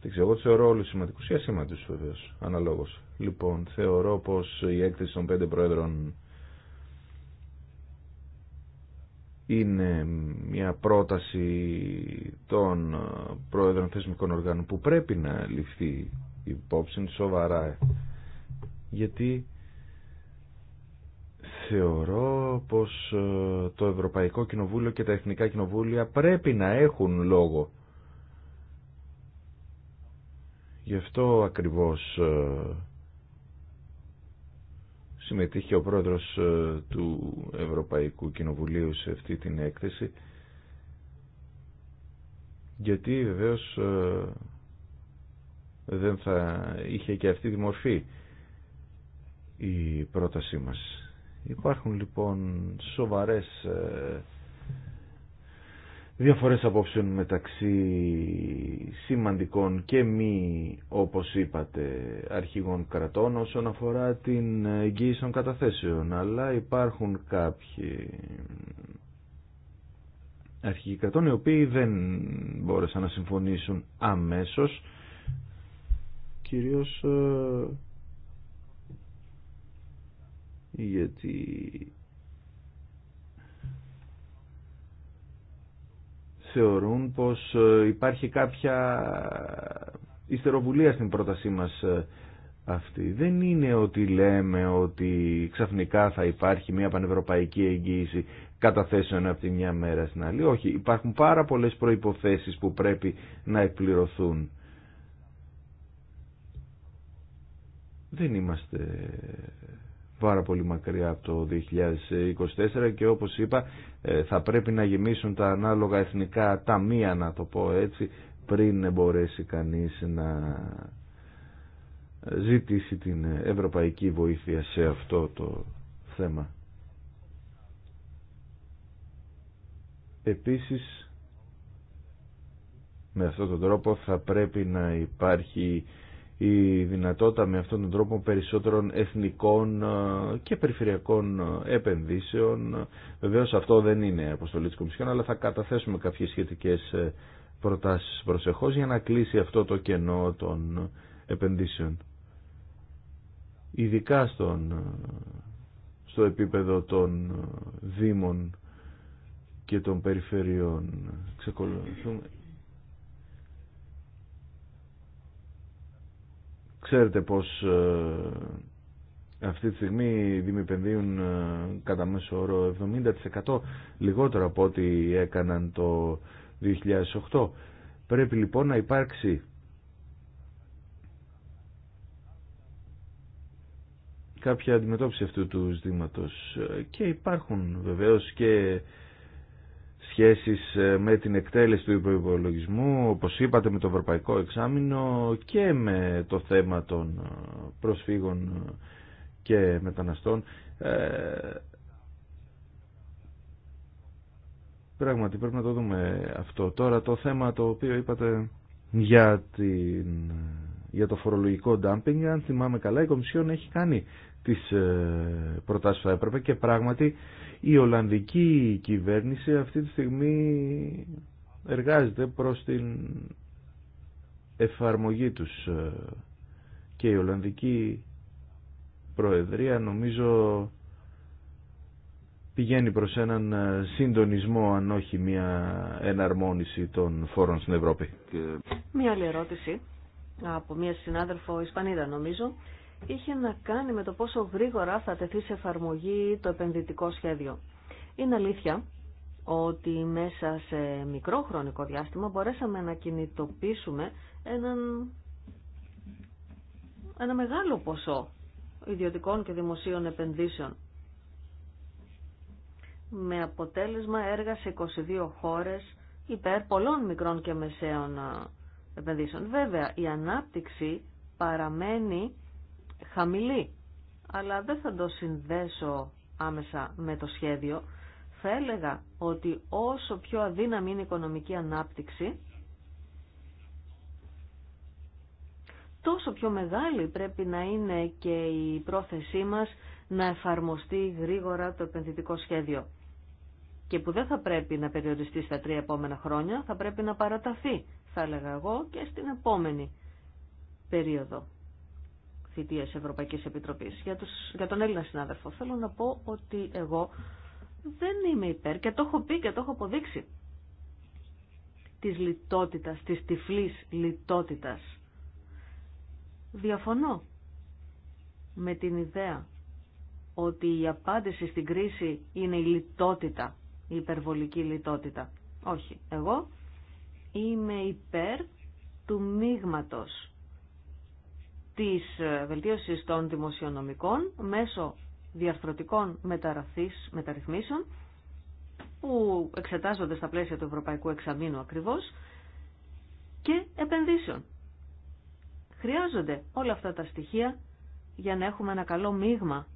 δεν ξέρω, εγώ τους θεωρώ όλους σημαντικούς ή ασήμαντους βεβαίως, αναλόγως. Λοιπόν, θεωρώ πως η έκθεση των πέντε πρόεδρων είναι μια πρόταση των ε, πρόεδρων θεσμικών οργάνων που πρέπει να ληφθεί υπόψη σοβαρά ε. γιατί θεωρώ πως ε, το Ευρωπαϊκό Κοινοβούλιο και τα Εθνικά Κοινοβούλια πρέπει να έχουν λόγο γι' αυτό ακριβώς συμμετείχε ο πρόεδρος ε, του Ευρωπαϊκού Κοινοβουλίου σε αυτή την έκθεση γιατί βεβαίως ε, δεν θα είχε και αυτή τη μορφή η πρότασή μας. Υπάρχουν λοιπόν σοβαρές ε, διαφορές απόψεων μεταξύ σημαντικών και μη, όπως είπατε, αρχηγών κρατών όσον αφορά την εγγύηση των καταθέσεων, αλλά υπάρχουν κάποιοι αρχηγοί κρατών οι οποίοι δεν μπόρεσαν να συμφωνήσουν αμέσως, κυρίως ε, γιατί θεωρούν πως ε, υπάρχει κάποια ιστεροβουλία στην πρότασή μας ε, αυτή. Δεν είναι ότι λέμε ότι ξαφνικά θα υπάρχει μια πανευρωπαϊκή εγγύηση καταθέσεων από τη μια μέρα στην άλλη. Όχι, υπάρχουν πάρα πολλές προϋποθέσεις που πρέπει να εκπληρωθούν. Δεν είμαστε πάρα πολύ μακριά από το 2024 και όπως είπα ε, θα πρέπει να γεμίσουν τα ανάλογα εθνικά ταμεία να το πω έτσι πριν μπορέσει κανείς να ζητήσει την ευρωπαϊκή βοήθεια σε αυτό το θέμα. Επίσης με αυτόν τον τρόπο θα πρέπει να υπάρχει η δυνατότητα με αυτόν τον τρόπο περισσότερων εθνικών ε, και περιφερειακών ε, επενδύσεων. Βεβαίως αυτό δεν είναι αποστολή της Κομισιόν, αλλά θα καταθέσουμε κάποιες σχετικές ε, προτάσεις προσεχώς για να κλείσει αυτό το κενό των επενδύσεων. Ειδικά στον, στο επίπεδο των δήμων και των περιφερειών. Ξεκολουθούμε Ξέρετε πως ε, αυτή τη στιγμή οι Δήμοι ε, κατά μέσο όρο 70% λιγότερο από ό,τι έκαναν το 2008. Πρέπει λοιπόν να υπάρξει κάποια αντιμετώπιση αυτού του ζητήματος ε, και υπάρχουν βεβαίως και σχέσεις ε, με την εκτέλεση του υπολογισμού, όπως είπατε με το Ευρωπαϊκό Εξάμεινο και με το θέμα των ε, προσφύγων ε, και μεταναστών. Πράγματι πρέπει να το δούμε αυτό. Τώρα το θέμα το οποίο είπατε για την για το φορολογικό dumping. Αν θυμάμαι καλά, η Κομισιόν έχει κάνει τις ε, προτάσεις που έπρεπε και πράγματι η Ολλανδική κυβέρνηση αυτή τη στιγμή εργάζεται προς την εφαρμογή τους ε, και η Ολλανδική Προεδρία νομίζω πηγαίνει προς έναν ε, συντονισμό αν όχι μια εναρμόνιση των φόρων στην Ευρώπη. Μια άλλη ερώτηση από μια συνάδελφο Ισπανίδα νομίζω, είχε να κάνει με το πόσο γρήγορα θα τεθεί σε εφαρμογή το επενδυτικό σχέδιο. Είναι αλήθεια ότι μέσα σε μικρό χρονικό διάστημα μπορέσαμε να κινητοποιήσουμε έναν, ένα μεγάλο ποσό ιδιωτικών και δημοσίων επενδύσεων με αποτέλεσμα έργα σε 22 χώρες υπέρ πολλών μικρών και μεσαίων επενδύσεων. Βέβαια, η ανάπτυξη παραμένει χαμηλή, αλλά δεν θα το συνδέσω άμεσα με το σχέδιο. Θα έλεγα ότι όσο πιο αδύναμη είναι η οικονομική ανάπτυξη, τόσο πιο μεγάλη πρέπει να είναι και η πρόθεσή μας να εφαρμοστεί γρήγορα το επενδυτικό σχέδιο και που δεν θα πρέπει να περιοριστεί στα τρία επόμενα χρόνια, θα πρέπει να παραταθεί θα έλεγα εγώ, και στην επόμενη περίοδο θητείας Ευρωπαϊκής Επιτροπής. Για, τους, για τον Έλληνα συνάδελφο θέλω να πω ότι εγώ δεν είμαι υπέρ και το έχω πει και το έχω αποδείξει της λιτότητας, της τυφλής λιτότητας. Διαφωνώ με την ιδέα ότι η απάντηση στην κρίση είναι η λιτότητα, η υπερβολική λιτότητα. Όχι. Εγώ είμαι υπέρ του μείγματο της βελτίωσης των δημοσιονομικών μέσω διαρθρωτικών μεταρρυθμίσεων που εξετάζονται στα πλαίσια του Ευρωπαϊκού Εξαμήνου ακριβώς και επενδύσεων. Χρειάζονται όλα αυτά τα στοιχεία για να έχουμε ένα καλό μείγμα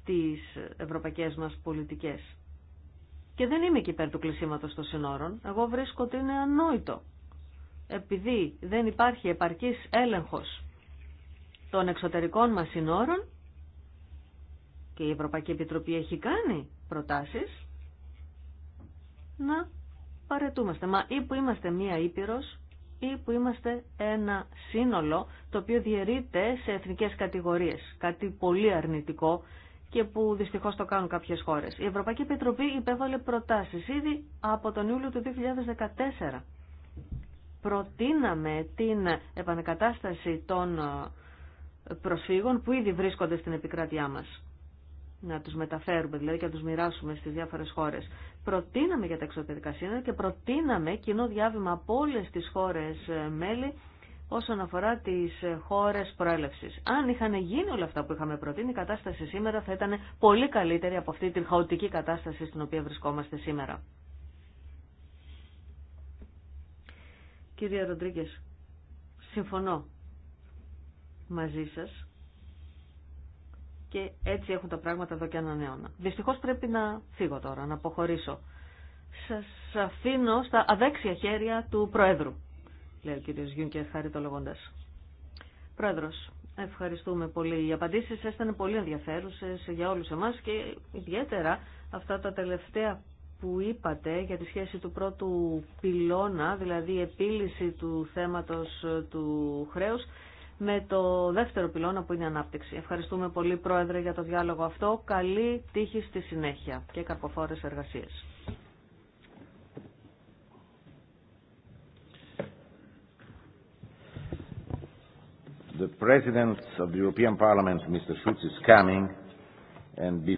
στις ευρωπαϊκές μας πολιτικές. Και δεν είμαι και υπέρ του κλεισίματος των συνόρων. Εγώ βρίσκω ότι είναι ανόητο. Επειδή δεν υπάρχει επαρκής έλεγχος των εξωτερικών μας συνόρων και η Ευρωπαϊκή Επιτροπή έχει κάνει προτάσεις να παρετούμαστε. Μα ή που είμαστε μία ήπειρος ή που είμαστε ένα σύνολο το οποίο διαιρείται σε εθνικές κατηγορίες. Κάτι πολύ αρνητικό και που δυστυχώς το κάνουν κάποιες χώρες. Η Ευρωπαϊκή Επιτροπή υπέβαλε προτάσεις ήδη από τον Ιούλιο του 2014. Προτείναμε την επανεκατάσταση των ε, προσφύγων που ήδη βρίσκονται στην επικράτειά μας. Να τους μεταφέρουμε δηλαδή και να τους μοιράσουμε στις διάφορες χώρες. Προτείναμε για τα εξωτερικά σύνορα και προτείναμε κοινό διάβημα από όλε τις χώρες ε, μέλη όσον αφορά τις ε, χώρες προέλευσης. Αν είχαν γίνει όλα αυτά που είχαμε προτείνει, η κατάσταση σήμερα θα ήταν πολύ καλύτερη από αυτή την χαοτική κατάσταση στην οποία βρισκόμαστε σήμερα. Κύριε Ροντρίγκε, συμφωνώ μαζί σας και έτσι έχουν τα πράγματα εδώ και έναν αιώνα. Δυστυχώς πρέπει να φύγω τώρα, να αποχωρήσω. Σας αφήνω στα αδέξια χέρια του Προέδρου λέει ο κ. Γιούνκερ χαριτολογώντας. Πρόεδρος, ευχαριστούμε πολύ. Οι απαντήσεις σας ήταν πολύ ενδιαφέρουσε για όλους εμάς και ιδιαίτερα αυτά τα τελευταία που είπατε για τη σχέση του πρώτου πυλώνα, δηλαδή επίλυση του θέματος του χρέους, με το δεύτερο πυλώνα που είναι ανάπτυξη. Ευχαριστούμε πολύ Πρόεδρε για το διάλογο αυτό. Καλή τύχη στη συνέχεια και καρποφόρες εργασίες.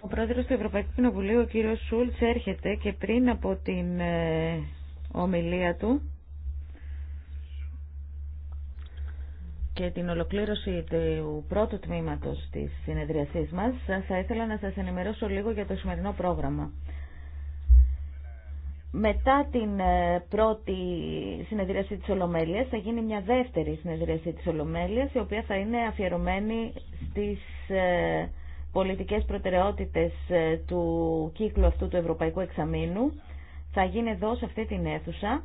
Ο πρόεδρος του Ευρωπαϊκού Κοινοβουλίου, ο κύριος Σούλτς, έρχεται και πριν από την ε, ομιλία του και την ολοκλήρωση του πρώτου τμήματος της συνεδριασής μας, θα ήθελα να σας ενημερώσω λίγο για το σημερινό πρόγραμμα. Μετά την ε, πρώτη συνεδρίαση της Ολομέλειας θα γίνει μια δεύτερη συνεδρίαση της Ολομέλειας η οποία θα είναι αφιερωμένη στις ε, πολιτικές προτεραιότητες ε, του κύκλου αυτού του Ευρωπαϊκού Εξαμήνου. Θα γίνει εδώ σε αυτή την αίθουσα.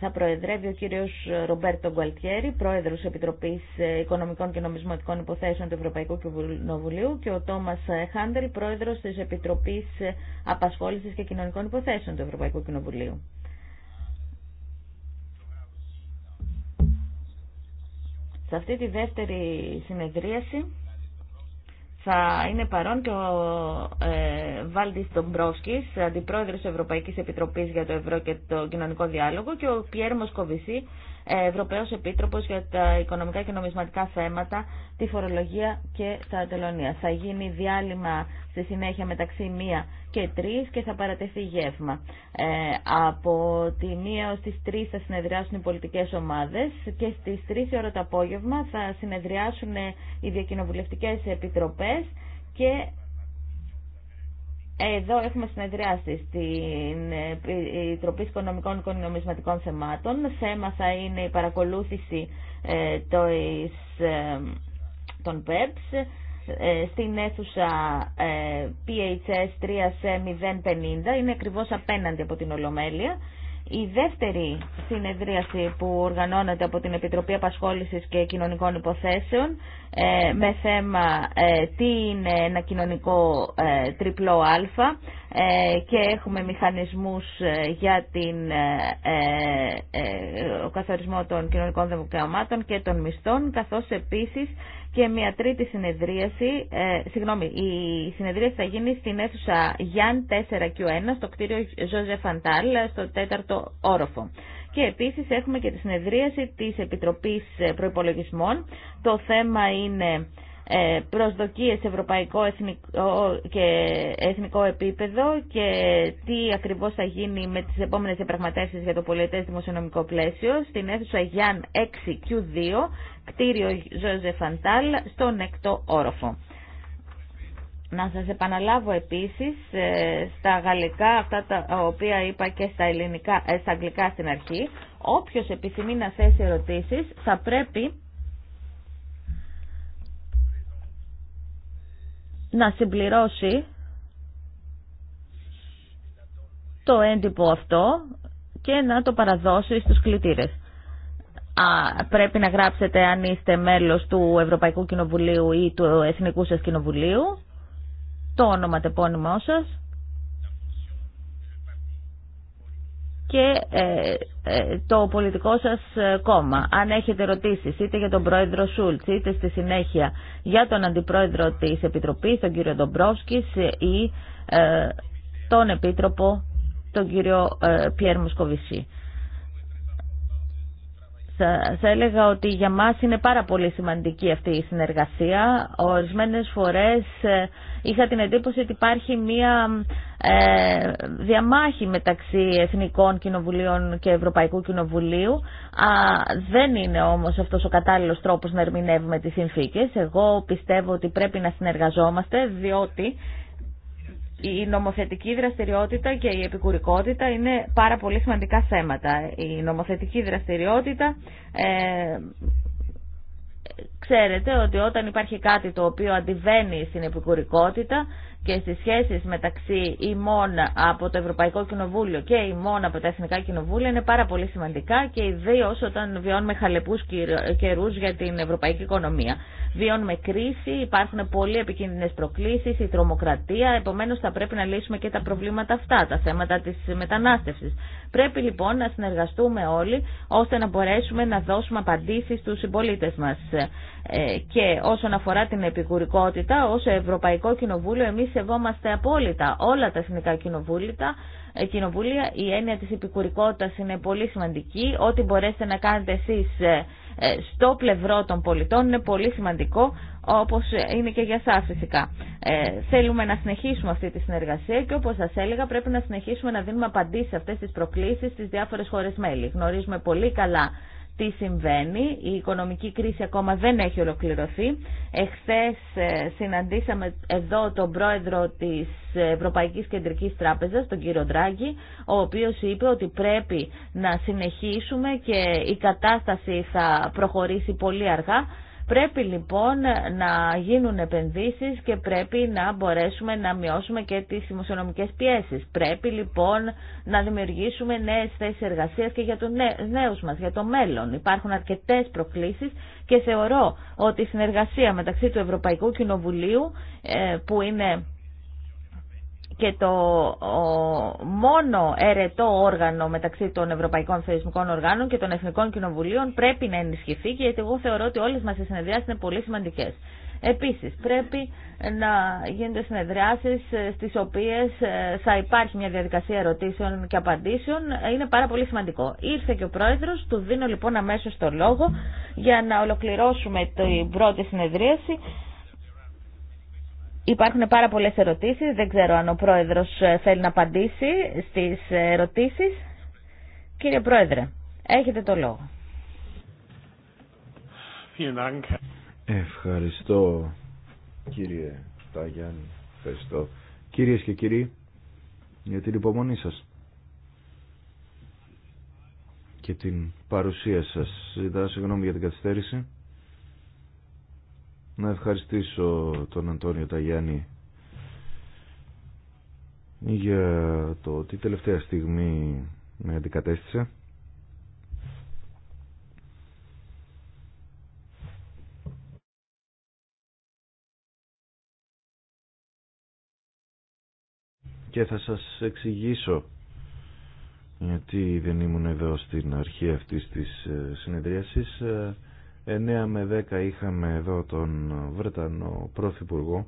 θα προεδρεύει ο κύριος Ρομπέρτο Γκουαλτιέρη, πρόεδρος Επιτροπής Οικονομικών και Νομισματικών Υποθέσεων του Ευρωπαϊκού Κοινοβουλίου και ο Τόμας Χάντελ, πρόεδρος της Επιτροπής Απασχόλησης και Κοινωνικών Υποθέσεων του Ευρωπαϊκού Κοινοβουλίου. Σε αυτή τη δεύτερη συνεδρίαση θα είναι παρόν και ο ε, Βάλτης Ντομπρόσκης, αντιπρόεδρος Ευρωπαϊκής Επιτροπής για το Ευρώ και το Κοινωνικό Διάλογο και ο Πιέρ Μοσκοβισή, Ευρωπαϊο Επίτροπο για τα οικονομικά και νομισματικά θέματα, τη φορολογία και τα τελωνία. Θα γίνει διάλειμμα στη συνέχεια μεταξύ 1 και 3 και θα παρατεθεί γεύμα. Ε, από τη 1 ω τι 3 θα συνεδριάσουν οι πολιτικέ ομάδε και στι 3 η ώρα το απόγευμα θα συνεδριάσουν οι διακοινοβουλευτικέ επιτροπέ και εδώ έχουμε συνεδριάσει στην Επιτροπή Οικονομικών και Νομισματικών Θεμάτων. Θέμα θα είναι η παρακολούθηση ε, ε, των ΠΕΠΣ ε, στην αίθουσα PHS 3C050. Είναι ακριβώς απέναντι από την Ολομέλεια. Η δεύτερη συνεδρίαση που οργανώνεται από την Επιτροπή Απασχόλησης και Κοινωνικών Υποθέσεων ε, με θέμα ε, τι είναι ένα κοινωνικό ε, τριπλό α και έχουμε μηχανισμούς για την, ο καθορισμό των κοινωνικών δημοκραμάτων και των μισθών καθώς επίσης και μια τρίτη συνεδρίαση, ε, συγγνώμη, η συνεδρίαση θα γίνει στην αίθουσα Γιάν 4Q1 στο κτίριο Ζωζε Φαντάλ στο τέταρτο όροφο. Και επίσης έχουμε και τη συνεδρίαση της Επιτροπής Προϋπολογισμών. Το θέμα είναι ε, προσδοκίες σε ευρωπαϊκό και εθνικό επίπεδο και τι ακριβώς θα γίνει με τις επόμενες διαπραγματεύσεις για το πολιτές δημοσιονομικό πλαίσιο στην αίθουσα Γιάν 6Q2, κτίριο Ζωζε Φαντάλ, στον εκτό όροφο. Να σας επαναλάβω επίσης ε, στα γαλλικά, αυτά τα οποία είπα και στα, ελληνικά, ε, στα αγγλικά στην αρχή, όποιος επιθυμεί να θέσει ερωτήσεις θα πρέπει να συμπληρώσει το έντυπο αυτό και να το παραδώσει στους κλητήρες. Α, πρέπει να γράψετε αν είστε μέλος του Ευρωπαϊκού Κοινοβουλίου ή του Εθνικού σας Κοινοβουλίου, το όνομα τεπώνυμό σας και ε, ε, το πολιτικό σας ε, κόμμα. Αν έχετε ρωτήσεις είτε για τον πρόεδρο Σούλτς είτε στη συνέχεια για τον αντιπρόεδρο της Επιτροπής, τον κύριο Ντομπρόσκης ή τον επίτροπο, τον κύριο Πιέρ Μουσκοβισή. Θα έλεγα ότι για μας είναι πάρα πολύ σημαντική αυτή η συνεργασία. Ορισμένες φορές ε, είχα την εντύπωση ότι υπάρχει μία ε, διαμάχη μεταξύ Εθνικών Κοινοβουλίων και Ευρωπαϊκού Κοινοβουλίου. Α, δεν είναι όμως αυτός ο κατάλληλος τρόπος να ερμηνεύουμε τις συνθήκες. Εγώ πιστεύω ότι πρέπει να συνεργαζόμαστε διότι η νομοθετική δραστηριότητα και η επικουρικότητα είναι πάρα πολύ σημαντικά θέματα. Η νομοθετική δραστηριότητα ε, ξέρετε ότι όταν υπάρχει κάτι το οποίο αντιβαίνει στην επικουρικότητα και στις σχέσεις μεταξύ ημών από το Ευρωπαϊκό Κοινοβούλιο και ημών από τα Εθνικά Κοινοβούλια είναι πάρα πολύ σημαντικά και ιδίω όταν βιώνουμε χαλεπούς καιρούς για την ευρωπαϊκή οικονομία. Βιώνουμε κρίση, υπάρχουν πολύ επικίνδυνες προκλήσεις, η τρομοκρατία, επομένως θα πρέπει να λύσουμε και τα προβλήματα αυτά, τα θέματα της μετανάστευσης. Πρέπει λοιπόν να συνεργαστούμε όλοι ώστε να μπορέσουμε να δώσουμε απαντήσεις στου συμπολίτε μας. Ε, και όσον αφορά την επικουρικότητα, ω Ευρωπαϊκό Κοινοβούλιο εμείς σεβόμαστε απόλυτα όλα τα εθνικά κοινοβούλια, ε, κοινοβούλια. Η έννοια τη επικουρικότητα είναι πολύ σημαντική. Ό,τι μπορέσετε να κάνετε εσείς ε, στο πλευρό των πολιτών είναι πολύ σημαντικό όπως είναι και για εσά φυσικά. Ε, θέλουμε να συνεχίσουμε αυτή τη συνεργασία και όπως σας έλεγα πρέπει να συνεχίσουμε να δίνουμε απαντήσεις σε αυτές τις προκλήσεις στις διάφορες χώρες μέλη. Γνωρίζουμε πολύ καλά τι συμβαίνει. Η οικονομική κρίση ακόμα δεν έχει ολοκληρωθεί. Εχθές ε, συναντήσαμε εδώ τον πρόεδρο της Ευρωπαϊκής Κεντρικής Τράπεζας, τον κύριο Ντράγκη, ο οποίος είπε ότι πρέπει να συνεχίσουμε και η κατάσταση θα προχωρήσει πολύ αργά Πρέπει λοιπόν να γίνουν επενδύσεις και πρέπει να μπορέσουμε να μειώσουμε και τις δημοσιονομικές πιέσεις. Πρέπει λοιπόν να δημιουργήσουμε νέες θέσεις εργασίας και για τους νέους μας, για το μέλλον. Υπάρχουν αρκετές προκλήσεις και θεωρώ ότι η συνεργασία μεταξύ του Ευρωπαϊκού Κοινοβουλίου ε, που είναι και το μόνο ερετό όργανο μεταξύ των Ευρωπαϊκών Θεσμικών Οργάνων και των Εθνικών Κοινοβουλίων πρέπει να ενισχυθεί γιατί εγώ θεωρώ ότι όλες μας οι συνεδριάσεις είναι πολύ σημαντικές. Επίσης, πρέπει να γίνονται συνεδριάσεις στις οποίες ε, θα υπάρχει μια διαδικασία ερωτήσεων και απαντήσεων. Είναι πάρα πολύ σημαντικό. Ήρθε και ο Πρόεδρος, του δίνω λοιπόν αμέσως το λόγο για να ολοκληρώσουμε την πρώτη συνεδρίαση. Υπάρχουν πάρα πολλές ερωτήσεις. Δεν ξέρω αν ο Πρόεδρος ε, θέλει να απαντήσει στις ερωτήσεις. Κύριε Πρόεδρε, έχετε το λόγο. Ευχαριστώ κύριε Ταγιάννη. Ευχαριστώ. Κυρίες και κύριοι, για την υπομονή σας και την παρουσία σας. Ζητάω συγγνώμη για την καθυστέρηση να ευχαριστήσω τον Αντώνιο Ταγιάννη για το ότι τελευταία στιγμή με αντικατέστησε. Και θα σας εξηγήσω γιατί δεν ήμουν εδώ στην αρχή αυτής της ε, συνεδρίασης. Ε, 9 με 10 είχαμε εδώ τον Βρετανό Πρωθυπουργό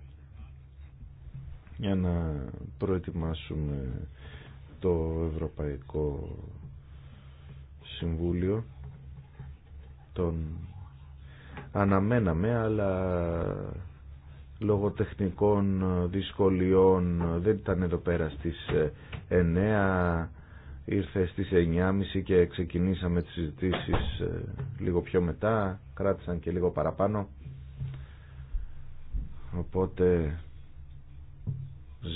για να προετοιμάσουμε το Ευρωπαϊκό Συμβούλιο τον αναμέναμε αλλά λόγω τεχνικών δυσκολιών δεν ήταν εδώ πέρα στις 9 ήρθε στις 9.30 και ξεκινήσαμε τις συζητήσεις ε, λίγο πιο μετά, κράτησαν και λίγο παραπάνω. Οπότε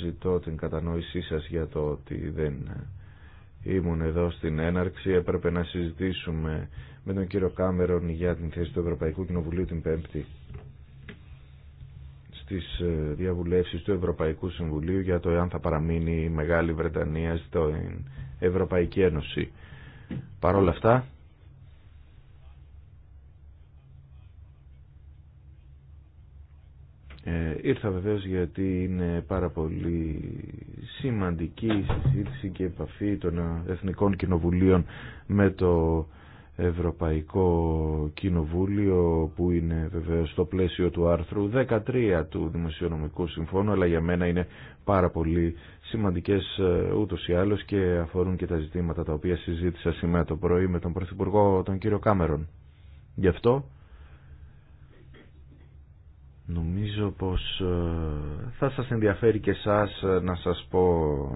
ζητώ την κατανόησή σας για το ότι δεν ήμουν εδώ στην έναρξη. Έπρεπε να συζητήσουμε με τον κύριο Κάμερον για την θέση του Ευρωπαϊκού Κοινοβουλίου την Πέμπτη στις ε, διαβουλεύσεις του Ευρωπαϊκού Συμβουλίου για το εάν θα παραμείνει η Μεγάλη Βρετανία στην ε, Ευρωπαϊκή Ένωση. Παρ' όλα αυτά, ε, ήρθα βεβαίως γιατί είναι πάρα πολύ σημαντική η συζήτηση και επαφή των Εθνικών Κοινοβουλίων με το Ευρωπαϊκό Κοινοβούλιο που είναι βεβαίως στο πλαίσιο του άρθρου 13 του Δημοσιονομικού Συμφώνου αλλά για μένα είναι πάρα πολύ σημαντικές ε, ούτως ή άλλως και αφορούν και τα ζητήματα τα οποία συζήτησα σήμερα το πρωί με τον Πρωθυπουργό τον κύριο Κάμερον. Γι' αυτό νομίζω πως ε, θα σας ενδιαφέρει και εσάς ε, να σας πω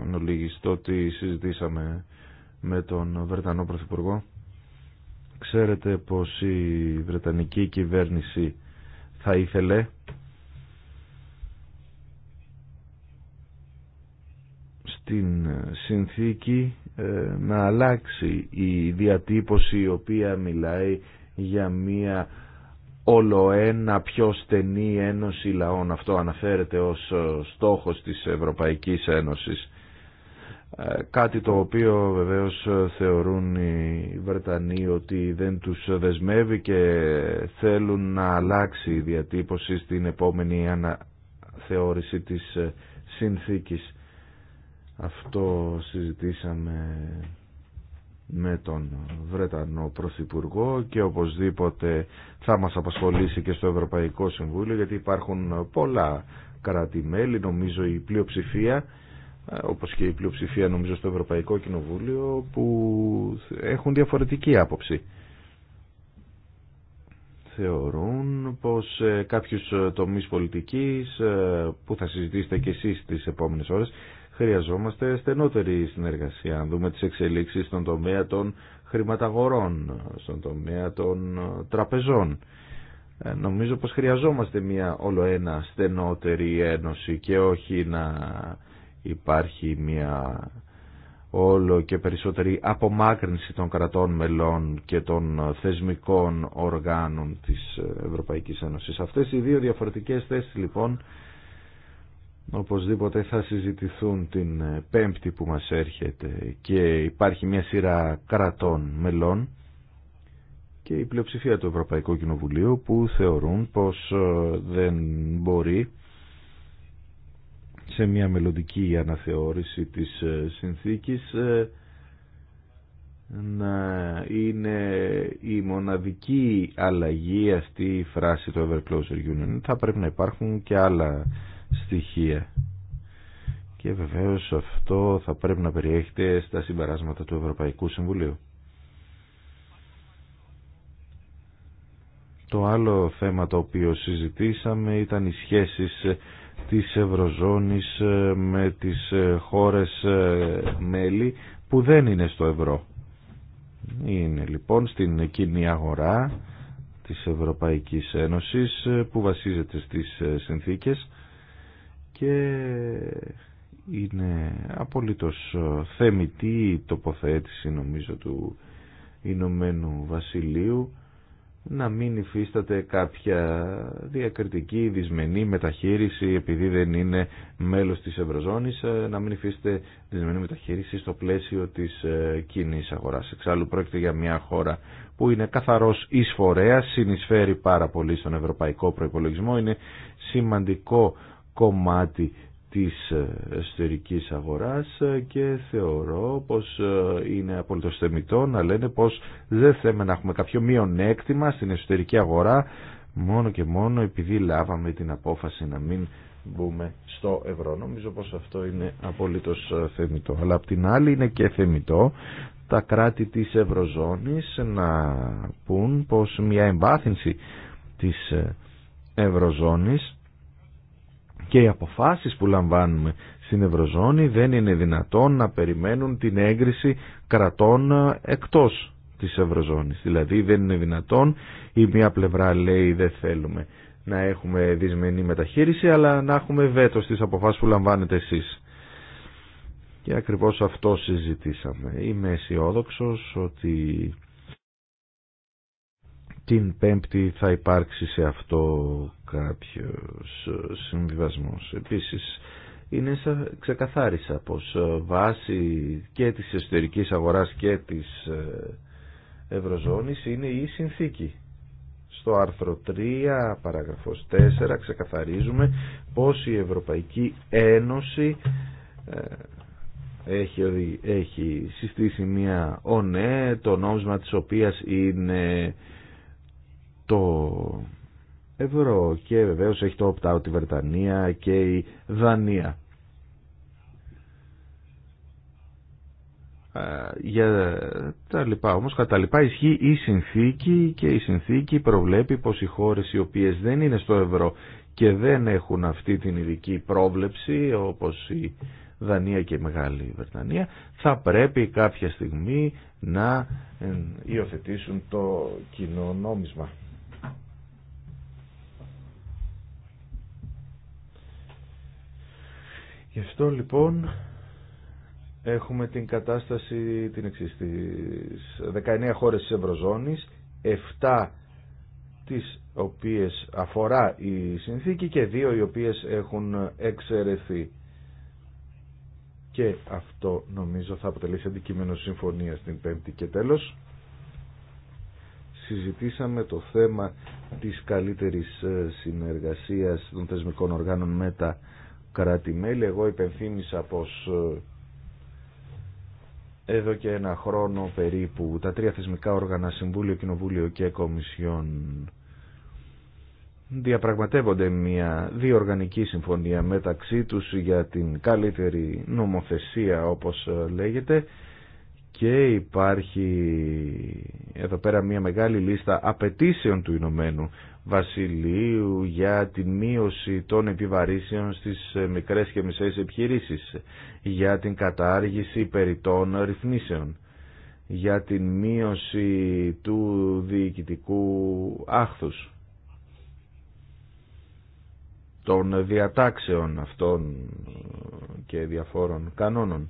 νολίγιστο ότι συζητήσαμε με τον Βρετανό Πρωθυπουργό Ξέρετε πως η Βρετανική κυβέρνηση θα ήθελε στην συνθήκη ε, να αλλάξει η διατύπωση η οποία μιλάει για μία ολοένα πιο στενή ένωση λαών. Αυτό αναφέρεται ως ε, στόχος της Ευρωπαϊκής Ένωσης. Ε, κάτι το οποίο βεβαίως θεωρούν οι Βρετανοί ότι δεν τους δεσμεύει και θέλουν να αλλάξει η διατύπωση στην επόμενη αναθεώρηση της συνθήκης. Αυτό συζητήσαμε με τον Βρετανό Πρωθυπουργό και οπωσδήποτε θα μας απασχολήσει και στο Ευρωπαϊκό Συμβούλιο γιατί υπάρχουν πολλά κράτη-μέλη, νομίζω η πλειοψηφία ε, όπως και η πλειοψηφία νομίζω στο Ευρωπαϊκό Κοινοβούλιο που έχουν διαφορετική άποψη θεωρούν πως ε, κάποιους ε, τομείς πολιτικής που θα συζητήσετε και εσείς τις επόμενες ώρες χρειαζόμαστε στενότερη συνεργασία αν δούμε τις εξελίξεις στον τομέα των χρηματαγορών στον τομέα των τραπεζών νομίζω πως χρειαζόμαστε μια όλο ένα στενότερη ένωση και όχι να υπάρχει μια όλο και περισσότερη απομάκρυνση των κρατών μελών και των θεσμικών οργάνων της Ευρωπαϊκής Ένωσης. Αυτές οι δύο διαφορετικές θέσεις λοιπόν οπωσδήποτε θα συζητηθούν την πέμπτη που μας έρχεται και υπάρχει μια σειρά κρατών μελών και η πλειοψηφία του Ευρωπαϊκού Κοινοβουλίου που θεωρούν πως ε, δεν μπορεί σε μια μελλοντική αναθεώρηση της ε, συνθήκης ε, να είναι η μοναδική αλλαγή αυτή η φράση του Ever Closer Union. Θα πρέπει να υπάρχουν και άλλα στοιχεία. Και βεβαίως αυτό θα πρέπει να περιέχεται στα συμπεράσματα του Ευρωπαϊκού Συμβουλίου. Το άλλο θέμα το οποίο συζητήσαμε ήταν οι σχέσεις της Ευρωζώνης ε, με τις ε, χώρες ε, μέλη που δεν είναι στο ευρώ. Είναι λοιπόν στην κοινή αγορά της Ευρωπαϊκής Ένωσης που βασίζεται στις συνθήκες και είναι απολύτως θεμητή η τοποθέτηση νομίζω του Ηνωμένου Βασιλείου να μην υφίσταται κάποια διακριτική, δυσμενή μεταχείριση επειδή δεν είναι μέλος της Ευρωζώνης, ε, να μην υφίσταται δυσμενή μεταχείριση στο πλαίσιο της ε, κοινή αγοράς. Εξάλλου πρόκειται για μια χώρα που είναι καθαρός εισφορέας, συνεισφέρει πάρα πολύ στον ευρωπαϊκό προϋπολογισμό, είναι σημαντικό κομμάτι της εσωτερικής αγοράς και θεωρώ πως ε, είναι απολύτως θεμητό να λένε πως δεν θέλουμε να έχουμε κάποιο μειονέκτημα στην εσωτερική αγορά μόνο και μόνο επειδή λάβαμε την απόφαση να μην μπούμε στο ευρώ. Νομίζω πως αυτό είναι απολύτως ε, θεμητό. Αλλά απ' την άλλη είναι και θεμητό τα κράτη της Ευρωζώνης να πούν πως μια εμβάθυνση της ε, Ευρωζώνης και οι αποφάσεις που λαμβάνουμε στην Ευρωζώνη δεν είναι δυνατόν να περιμένουν την έγκριση κρατών ε, εκτός της Ευρωζώνης. Δηλαδή δεν είναι δυνατόν η μία πλευρά λέει δεν θέλουμε να έχουμε δυσμενή μεταχείριση αλλά να έχουμε βέτο στις αποφάσεις που λαμβάνετε εσείς. Και ακριβώς αυτό συζητήσαμε. Είμαι αισιόδοξο ότι την Πέμπτη θα υπάρξει σε αυτό κάποιος ε, συμβιβασμός. Επίσης, είναι ξεκαθάρισα πως ε, βάση και της εσωτερικής αγοράς και της ε, Ευρωζώνης είναι η συνθήκη. Στο άρθρο 3, παράγραφος 4, ξεκαθαρίζουμε πως η Ευρωπαϊκή Ένωση έχει, έχει συστήσει μια ΟΝΕ, το νόμισμα της οποίας είναι το ευρώ και βεβαίως έχει το opt-out η Βρετανία και η Δανία. για τα λοιπά όμως κατά λοιπά ισχύει η συνθήκη και η συνθήκη προβλέπει πως οι χώρες οι οποίες δεν είναι στο ευρώ και δεν έχουν αυτή την ειδική πρόβλεψη όπως η Δανία και η Μεγάλη Βρετανία θα πρέπει κάποια στιγμή να ε, υιοθετήσουν το κοινό νόμισμα. Γι' αυτό λοιπόν έχουμε την κατάσταση την εξή. 19 χώρες τη Ευρωζώνης, 7 τις οποίες αφορά η συνθήκη και 2 οι οποίες έχουν εξαιρεθεί. Και αυτό νομίζω θα αποτελέσει αντικείμενο συμφωνία την Πέμπτη και τέλος. Συζητήσαμε το θέμα της καλύτερης ε, συνεργασίας των θεσμικών οργάνων με τα εγώ υπενθύμησα πως ε, εδώ και ένα χρόνο περίπου τα τρία θεσμικά όργανα, Συμβούλιο, Κοινοβούλιο και Κομισιόν διαπραγματεύονται μια διοργανική συμφωνία μεταξύ τους για την καλύτερη νομοθεσία όπως ε, λέγεται και υπάρχει εδώ πέρα μια μεγάλη λίστα απαιτήσεων του Ηνωμένου Βασιλείου για τη μείωση των επιβαρύσεων στις μικρές και μισές επιχειρήσεις, για την κατάργηση περιτών ρυθμίσεων, για την μείωση του διοικητικού άχθους των διατάξεων αυτών και διαφόρων κανόνων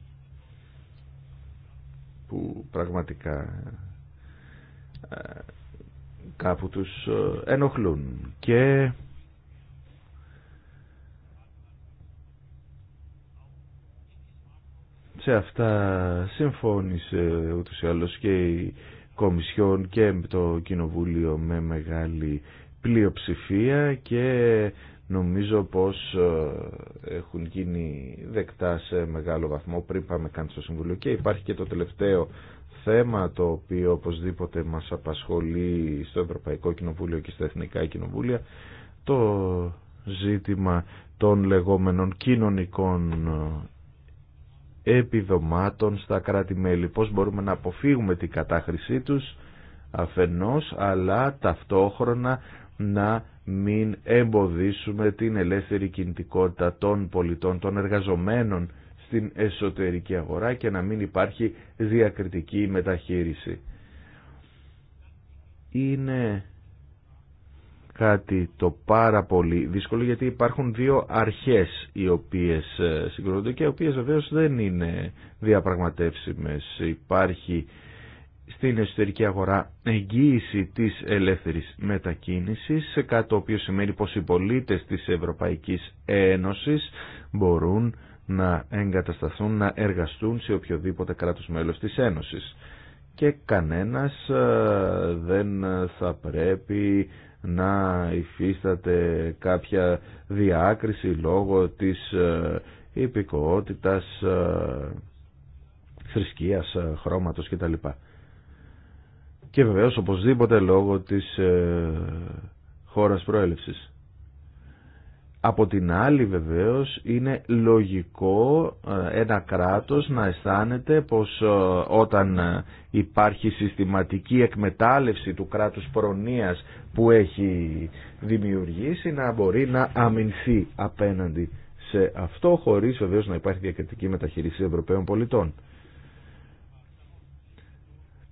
που πραγματικά ε, κάπου τους ε, ενοχλούν και σε αυτά συμφώνησε ούτως ή άλλως και η Κομισιόν και το Κοινοβούλιο με μεγάλη πλειοψηφία και νομίζω πως ε, έχουν γίνει δεκτά σε μεγάλο βαθμό πριν πάμε καν στο Συμβουλίο και υπάρχει και το τελευταίο θέμα το οποίο οπωσδήποτε μας απασχολεί στο Ευρωπαϊκό Κοινοβούλιο και στα Εθνικά Κοινοβούλια το ζήτημα των λεγόμενων κοινωνικών ε, επιδομάτων στα κράτη-μέλη πώς μπορούμε να αποφύγουμε την κατάχρησή τους αφενός αλλά ταυτόχρονα να μην εμποδίσουμε την ελεύθερη κινητικότητα των πολιτών, των εργαζομένων στην εσωτερική αγορά και να μην υπάρχει διακριτική μεταχείριση. Είναι κάτι το πάρα πολύ δύσκολο γιατί υπάρχουν δύο αρχές οι οποίες ε, συγκροτούνται και οι οποίες βεβαίως δεν είναι διαπραγματεύσιμες. Υπάρχει στην εσωτερική αγορά εγγύηση της ελεύθερης μετακίνησης, κάτι το οποίο σημαίνει πως οι πολίτες της Ευρωπαϊκής Ένωσης μπορούν να εγκατασταθούν, να εργαστούν σε οποιοδήποτε κράτος μέλος της Ένωσης. Και κανένας ε, δεν θα πρέπει να υφίσταται κάποια διάκριση λόγω της ε, υπηκότητας, ε, θρησκείας, χρώματος κτλ και βεβαίως οπωσδήποτε λόγω της ε, χώρας προέλευσης. Από την άλλη βεβαίως είναι λογικό ε, ένα κράτος να αισθάνεται πως ε, όταν ε, υπάρχει συστηματική εκμετάλλευση του κράτους προνοίας που έχει δημιουργήσει να μπορεί να αμυνθεί απέναντι σε αυτό χωρίς βεβαίως να υπάρχει διακριτική μεταχείριση Ευρωπαίων πολιτών.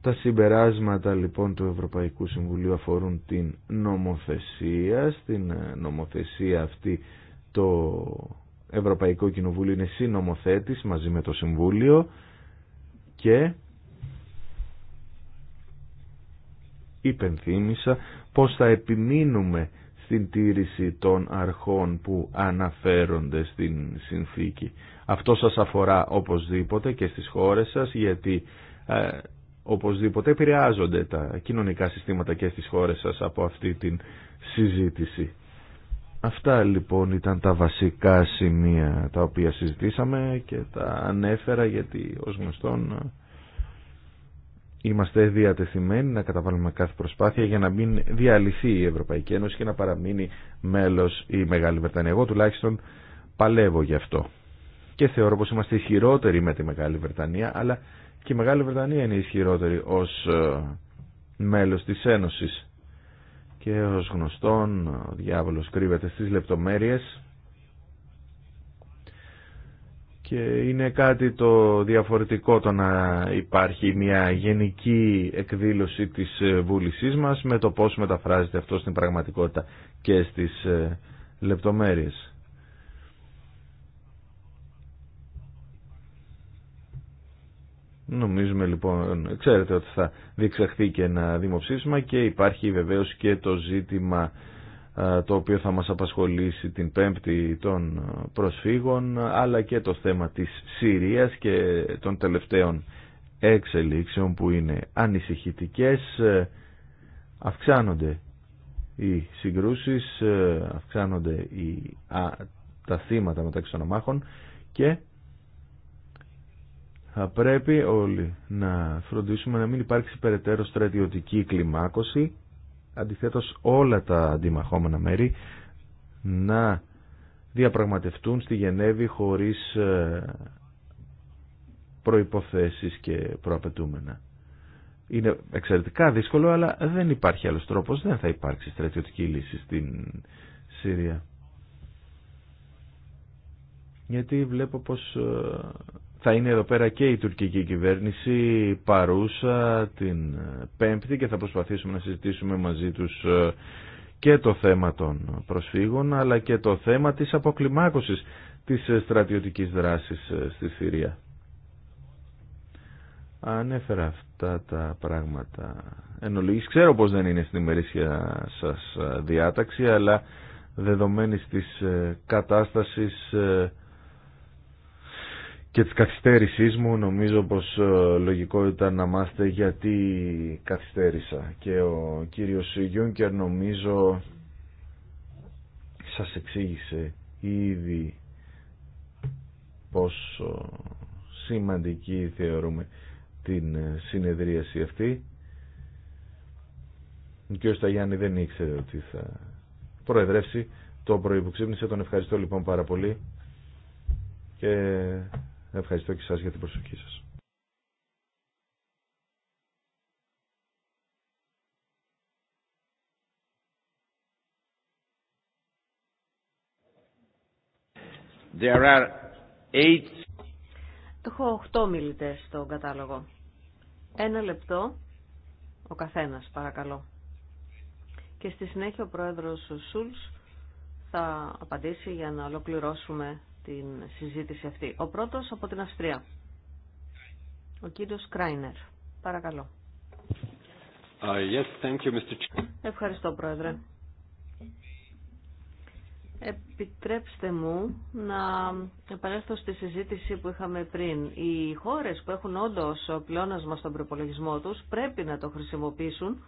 Τα συμπεράσματα λοιπόν του Ευρωπαϊκού Συμβουλίου αφορούν την νομοθεσία. Στην ε, νομοθεσία αυτή το Ευρωπαϊκό Κοινοβούλιο είναι συνομοθέτης μαζί με το Συμβούλιο και υπενθύμησα πως θα επιμείνουμε στην τήρηση των αρχών που αναφέρονται στην συνθήκη. Αυτό σας αφορά οπωσδήποτε και στις χώρες σας γιατί ε, Οπωσδήποτε επηρεάζονται τα κοινωνικά συστήματα και στις χώρες σας από αυτή την συζήτηση. Αυτά λοιπόν ήταν τα βασικά σημεία τα οποία συζητήσαμε και τα ανέφερα γιατί ως γνωστόν είμαστε διατεθειμένοι να καταβάλουμε κάθε προσπάθεια για να μην διαλυθεί η Ευρωπαϊκή Ένωση και να παραμείνει μέλος η Μεγάλη Βρετανία. Εγώ τουλάχιστον παλεύω γι' αυτό και θεωρώ πως είμαστε χειρότεροι με τη Μεγάλη Βρετανία αλλά και η Μεγάλη Βρετανία είναι ισχυρότερη ως ε, μέλος της Ένωσης και ως γνωστόν ο διάβολος κρύβεται στις λεπτομέρειες και είναι κάτι το διαφορετικό το να υπάρχει μια γενική εκδήλωση της ε, βούλησής μας με το πώς μεταφράζεται αυτό στην πραγματικότητα και στις ε, λεπτομέρειες. Νομίζουμε λοιπόν, ξέρετε ότι θα διεξαχθεί και ένα δημοψήφισμα και υπάρχει βεβαίως και το ζήτημα το οποίο θα μας απασχολήσει την πέμπτη των προσφύγων αλλά και το θέμα της Συρίας και των τελευταίων εξελίξεων που είναι ανησυχητικές ε, αυξάνονται οι συγκρούσεις ε, αυξάνονται α, τα θύματα μεταξύ των αμάχων και θα πρέπει όλοι να φροντίσουμε να μην υπάρξει περαιτέρω στρατιωτική κλιμάκωση. Αντιθέτως όλα τα αντιμαχόμενα μέρη να διαπραγματευτούν στη Γενέβη χωρίς ε, προϋποθέσεις και προαπαιτούμενα. Είναι εξαιρετικά δύσκολο, αλλά δεν υπάρχει άλλος τρόπος, δεν θα υπάρξει στρατιωτική λύση στην Σύρια. Γιατί βλέπω πως ε, θα είναι εδώ πέρα και η τουρκική κυβέρνηση παρούσα την Πέμπτη και θα προσπαθήσουμε να συζητήσουμε μαζί τους ε, και το θέμα των προσφύγων αλλά και το θέμα της αποκλιμάκωσης της στρατιωτικής δράσης ε, στη Συρία. Ανέφερα αυτά τα πράγματα εν Ξέρω πως δεν είναι στην ημερήσια σας ε, διάταξη αλλά δεδομένης της κατάστασης και της καθυστέρησής μου νομίζω πως ε, λογικό ήταν να μάθετε γιατί καθυστέρησα και ο κύριος Γιούνκερ νομίζω σας εξήγησε ήδη πόσο ε, σημαντική θεωρούμε την ε, συνεδρίαση αυτή ο κ. Σταγιάννη δεν ήξερε ότι θα προεδρεύσει το πρωί που τον ευχαριστώ λοιπόν πάρα πολύ και Ευχαριστώ και σας για την προσοχή σας. There are eight... Έχω 8 μιλητέ στον κατάλογο. Ένα λεπτό ο καθένας παρακαλώ. Και στη συνέχεια ο πρόεδρος Σούλς θα απαντήσει για να ολοκληρώσουμε την συζήτηση αυτή. Ο πρώτος από την Αυστρία. Ο κύριος Κράινερ. Παρακαλώ. Uh, yes, thank you, Mr. Ευχαριστώ, Πρόεδρε. Επιτρέψτε μου να επανέλθω στη συζήτηση που είχαμε πριν. Οι χώρες που έχουν όντως πλεόνασμα στον προπολογισμό τους πρέπει να το χρησιμοποιήσουν,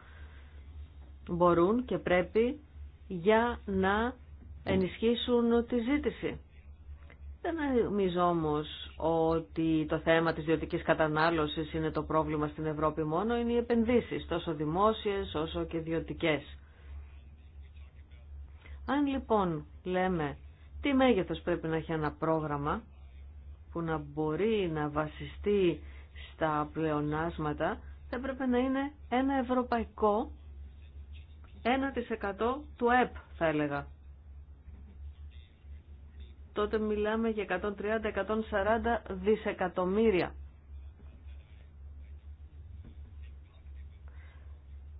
μπορούν και πρέπει για να ενισχύσουν τη ζήτηση. Δεν νομίζω όμω ότι το θέμα της ιδιωτικής κατανάλωσης είναι το πρόβλημα στην Ευρώπη μόνο, είναι οι επενδύσεις, τόσο δημόσιες όσο και ιδιωτικέ. Αν λοιπόν λέμε τι μέγεθος πρέπει να έχει ένα πρόγραμμα που να μπορεί να βασιστεί στα πλεονάσματα, θα πρέπει να είναι ένα ευρωπαϊκό 1% του ΕΠ θα έλεγα τότε μιλάμε για 130-140 δισεκατομμύρια.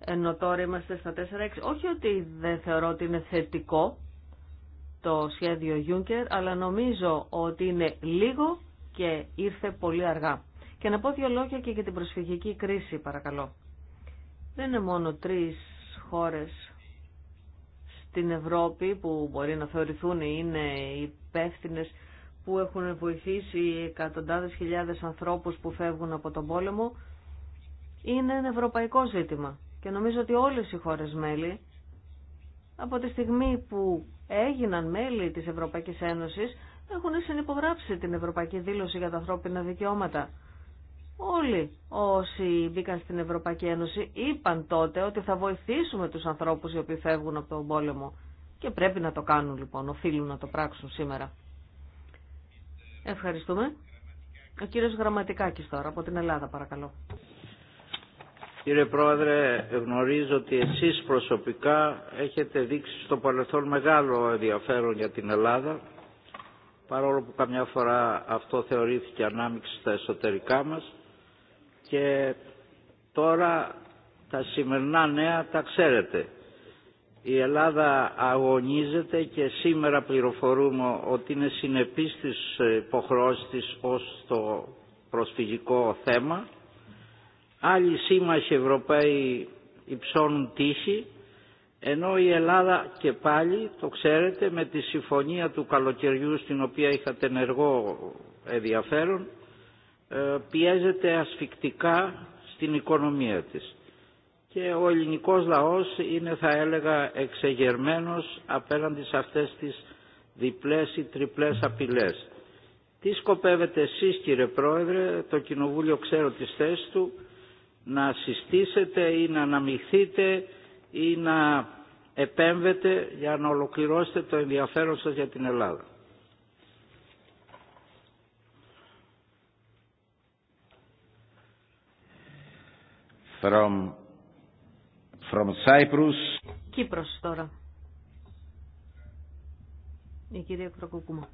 Ενώ τώρα είμαστε στα 4-6. Όχι ότι δεν θεωρώ ότι είναι θετικό το σχέδιο Juncker, αλλά νομίζω ότι είναι λίγο και ήρθε πολύ αργά. Και να πω δύο λόγια και για την προσφυγική κρίση, παρακαλώ. Δεν είναι μόνο τρεις χώρες στην Ευρώπη που μπορεί να θεωρηθούν είναι οι υπεύθυνε που έχουν βοηθήσει εκατοντάδες χιλιάδες ανθρώπους που φεύγουν από τον πόλεμο, είναι ένα ευρωπαϊκό ζήτημα. Και νομίζω ότι όλες οι χώρες μέλη, από τη στιγμή που έγιναν μέλη της Ευρωπαϊκής Ένωσης, έχουν συνυπογράψει την Ευρωπαϊκή Δήλωση για τα ανθρώπινα δικαιώματα. Όλοι όσοι μπήκαν στην Ευρωπαϊκή Ένωση είπαν τότε ότι θα βοηθήσουμε τους ανθρώπους οι οποίοι φεύγουν από τον πόλεμο. Και πρέπει να το κάνουν λοιπόν, οφείλουν να το πράξουν σήμερα. Ευχαριστούμε. Ο κύριος Γραμματικάκης τώρα από την Ελλάδα παρακαλώ. Κύριε Πρόεδρε, γνωρίζω ότι εσείς προσωπικά έχετε δείξει στο παρελθόν μεγάλο ενδιαφέρον για την Ελλάδα, παρόλο που καμιά φορά αυτό θεωρήθηκε ανάμειξη στα εσωτερικά μας και τώρα τα σημερινά νέα τα ξέρετε. Η Ελλάδα αγωνίζεται και σήμερα πληροφορούμε ότι είναι συνεπής της υποχρεώσεις της ως το προσφυγικό θέμα. Άλλοι σύμμαχοι Ευρωπαίοι υψώνουν τύχη, ενώ η Ελλάδα και πάλι, το ξέρετε, με τη συμφωνία του καλοκαιριού στην οποία είχατε ενεργό ενδιαφέρον, ε, πιέζεται ασφικτικά στην οικονομία της και ο ελληνικός λαός είναι θα έλεγα εξεγερμένος απέναντι σε αυτές τις διπλές ή τριπλές απειλές. Τι σκοπεύετε εσείς κύριε Πρόεδρε, το Κοινοβούλιο ξέρω τις θέσεις του, να συστήσετε ή να αναμειχθείτε ή να επέμβετε για να ολοκληρώσετε το ενδιαφέρον σας για την Ελλάδα. From From Cyprus. Κύπρος τώρα. Η κυρία Κροκοκούμα.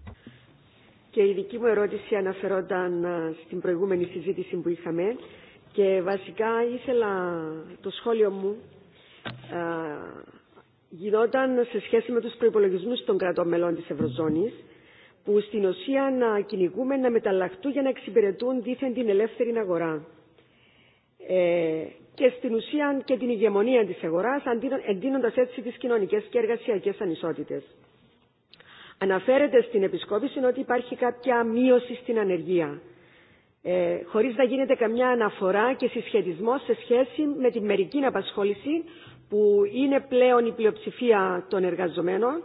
Και η δική μου ερώτηση αναφερόταν ε, στην προηγούμενη συζήτηση που είχαμε και βασικά ήθελα το σχόλιο μου α, ε, γινόταν σε σχέση με τους προϋπολογισμούς των κρατών μελών της Ευρωζώνης που στην ουσία να κυνηγούμε να μεταλλαχτούν για να εξυπηρετούν δίθεν την ελεύθερη αγορά. Ε, και στην ουσία και την ηγεμονία της αγοράς, εντείνοντας έτσι τις κοινωνικές και εργασιακές ανισότητες. Αναφέρεται στην επισκόπηση ότι υπάρχει κάποια μείωση στην ανεργία, ε, χωρίς να γίνεται καμιά αναφορά και συσχετισμό σε σχέση με τη μερική απασχόληση που είναι πλέον η πλειοψηφία των εργαζομένων,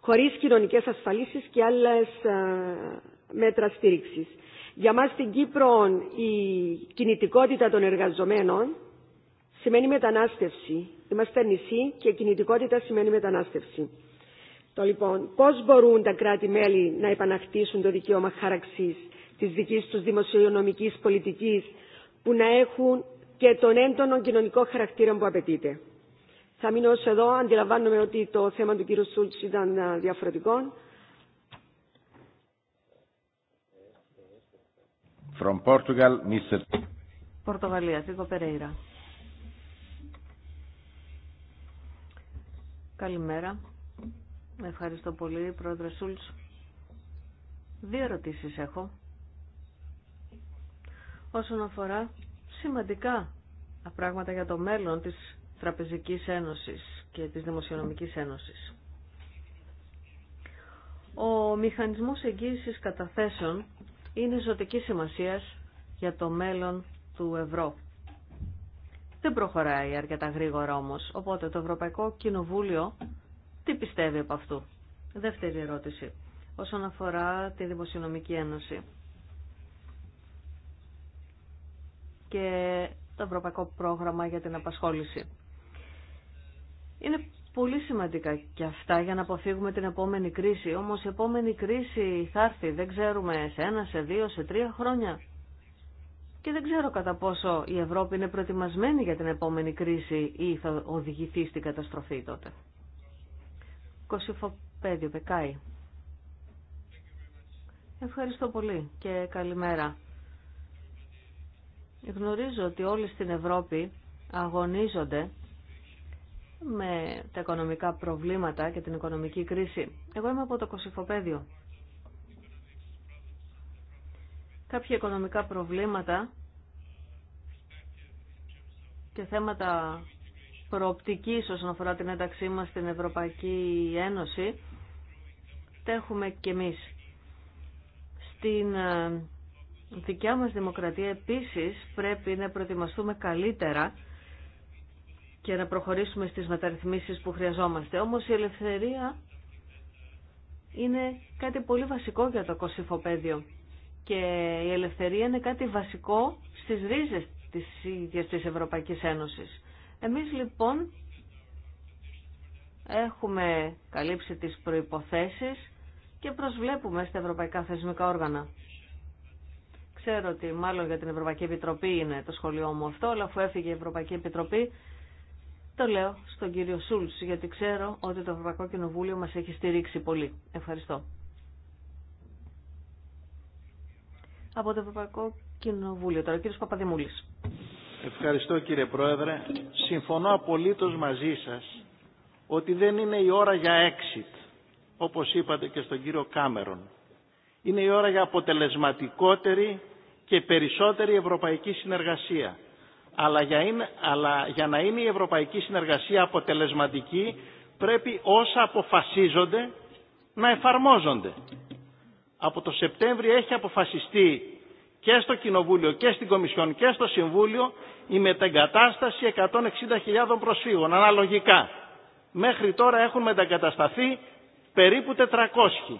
χωρίς κοινωνικές ασφαλίσεις και άλλες ε, μέτρα στήριξης. Για μας στην Κύπρο η κινητικότητα των εργαζομένων σημαίνει μετανάστευση. Είμαστε νησί και κινητικότητα σημαίνει μετανάστευση. Το λοιπόν, πώς μπορούν τα κράτη-μέλη να επαναχτίσουν το δικαίωμα χάραξης της δικής τους δημοσιονομικής πολιτικής που να έχουν και τον έντονο κοινωνικό χαρακτήρα που απαιτείται. Θα μείνω εδώ, αντιλαμβάνομαι ότι το θέμα του κύριου Σούλτς ήταν διαφορετικό. From Portugal, Mr. Πορτογαλία, Τίκο Περέιρα. Καλημέρα. Ευχαριστώ πολύ, Πρόεδρε Σούλτς. Δύο ερωτήσεις έχω. Όσον αφορά σημαντικά πράγματα για το μέλλον της Τραπεζικής Ένωσης και της Δημοσιονομικής Ένωσης. Ο μηχανισμός εγγύησης καταθέσεων είναι ζωτική σημασία για το μέλλον του ευρώ. Δεν προχωράει αρκετά γρήγορα όμω. οπότε το Ευρωπαϊκό Κοινοβούλιο τι πιστεύει από αυτού. Δεύτερη ερώτηση, όσον αφορά τη Δημοσιονομική Ένωση και το Ευρωπαϊκό Πρόγραμμα για την Απασχόληση πολύ σημαντικά και αυτά για να αποφύγουμε την επόμενη κρίση. Όμως η επόμενη κρίση θα έρθει, δεν ξέρουμε, σε ένα, σε δύο, σε τρία χρόνια. Και δεν ξέρω κατά πόσο η Ευρώπη είναι προετοιμασμένη για την επόμενη κρίση ή θα οδηγηθεί στην καταστροφή τότε. Κωσυφοπέδιο, Πεκάη. Ευχαριστώ πολύ και καλημέρα. Γνωρίζω ότι όλοι στην Ευρώπη αγωνίζονται με τα οικονομικά προβλήματα και την οικονομική κρίση. Εγώ είμαι από το Κωσυφοπαίδιο. Κάποια οικονομικά προβλήματα και θέματα προοπτικής όσον αφορά την ένταξή μας στην Ευρωπαϊκή Ένωση τα έχουμε και εμείς. Στην ε, δικιά μας δημοκρατία επίσης πρέπει να προετοιμαστούμε καλύτερα και να προχωρήσουμε στις μεταρρυθμίσεις που χρειαζόμαστε. Όμως η ελευθερία είναι κάτι πολύ βασικό για το κοσυφοπαίδιο και η ελευθερία είναι κάτι βασικό στις ρίζες της ίδιας της Ευρωπαϊκής Ένωσης. Εμείς λοιπόν έχουμε καλύψει τις προϋποθέσεις και προσβλέπουμε στα ευρωπαϊκά θεσμικά όργανα. Ξέρω ότι μάλλον για την Ευρωπαϊκή Επιτροπή είναι το σχολείο μου αυτό, αλλά αφού έφυγε η Ευρωπαϊκή Επιτροπή το λέω στον κύριο Σούλτ, γιατί ξέρω ότι το Ευρωπαϊκό Κοινοβούλιο μας έχει στηρίξει πολύ. Ευχαριστώ. Από το Ευρωπαϊκό Κοινοβούλιο, τώρα ο κύριος Παπαδημούλης. Ευχαριστώ κύριε Πρόεδρε. Συμφωνώ απολύτως μαζί σας ότι δεν είναι η ώρα για exit, όπως είπατε και στον κύριο Κάμερον. Είναι η ώρα για αποτελεσματικότερη και περισσότερη ευρωπαϊκή συνεργασία αλλά για, να είναι η ευρωπαϊκή συνεργασία αποτελεσματική πρέπει όσα αποφασίζονται να εφαρμόζονται. Από το Σεπτέμβριο έχει αποφασιστεί και στο Κοινοβούλιο και στην Κομισιόν και στο Συμβούλιο η μετεγκατάσταση 160.000 προσφύγων αναλογικά. Μέχρι τώρα έχουν μεταγκατασταθεί περίπου 400.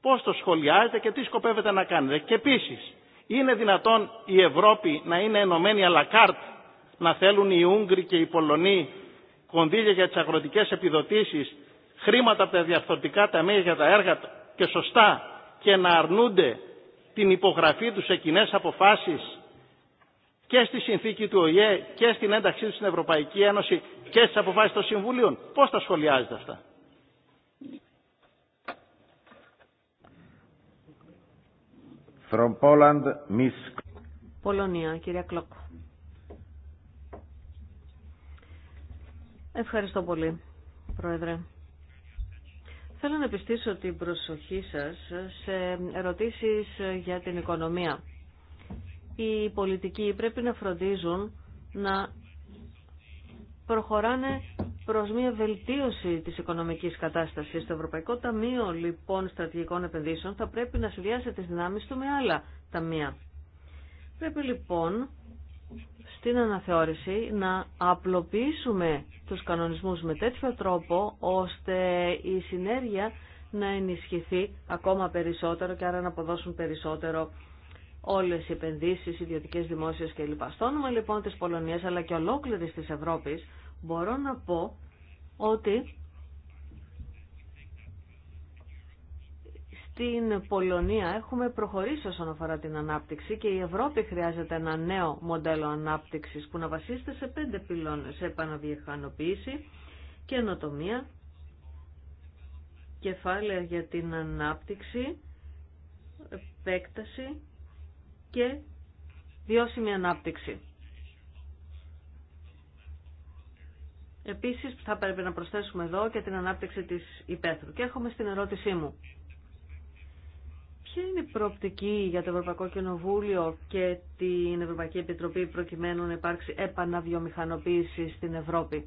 Πώς το σχολιάζετε και τι σκοπεύετε να κάνετε. Και επίσης, είναι δυνατόν η Ευρώπη να είναι ενωμένη αλλά να θέλουν οι Ούγγροι και οι Πολωνοί κονδύλια για τις αγροτικές επιδοτήσεις, χρήματα από τα διαφθορτικά ταμεία για τα έργα και σωστά και να αρνούνται την υπογραφή τους σε κοινέ αποφάσεις και στη συνθήκη του ΟΗΕ και στην ένταξή του στην Ευρωπαϊκή Ένωση και στις αποφάσεις των Συμβουλίων. Πώς τα σχολιάζετε αυτά. From Poland, Πολωνία, κυρία Κλοκ. Ευχαριστώ πολύ, Πρόεδρε. Θέλω να επιστήσω την προσοχή σας σε ερωτήσεις για την οικονομία. Οι πολιτικοί πρέπει να φροντίζουν να προχωράνε προς μια βελτίωση της οικονομικής κατάστασης. Το Ευρωπαϊκό Ταμείο λοιπόν Στρατηγικών Επενδύσεων θα πρέπει να συνδυάσει τις δυνάμεις του με άλλα ταμεία. Πρέπει λοιπόν στην αναθεώρηση να απλοποιήσουμε τους κανονισμούς με τέτοιο τρόπο ώστε η συνέργεια να ενισχυθεί ακόμα περισσότερο και άρα να αποδώσουν περισσότερο όλες οι επενδύσεις, ιδιωτικές δημόσιε κλπ. Στο όνομα λοιπόν της Πολωνίας αλλά και ολόκληρης τη Ευρώπη μπορώ να πω ότι στην Πολωνία έχουμε προχωρήσει όσον αφορά την ανάπτυξη και η Ευρώπη χρειάζεται ένα νέο μοντέλο ανάπτυξης που να βασίζεται σε πέντε πυλώνες, σε και καινοτομία, κεφάλαια για την ανάπτυξη, επέκταση και βιώσιμη ανάπτυξη. Επίση, θα πρέπει να προσθέσουμε εδώ και την ανάπτυξη τη υπαίθρου. Και έρχομαι στην ερώτησή μου. Ποια είναι η προοπτική για το Ευρωπαϊκό Κοινοβούλιο και την Ευρωπαϊκή Επιτροπή προκειμένου να υπάρξει επαναβιομηχανοποίηση στην Ευρώπη.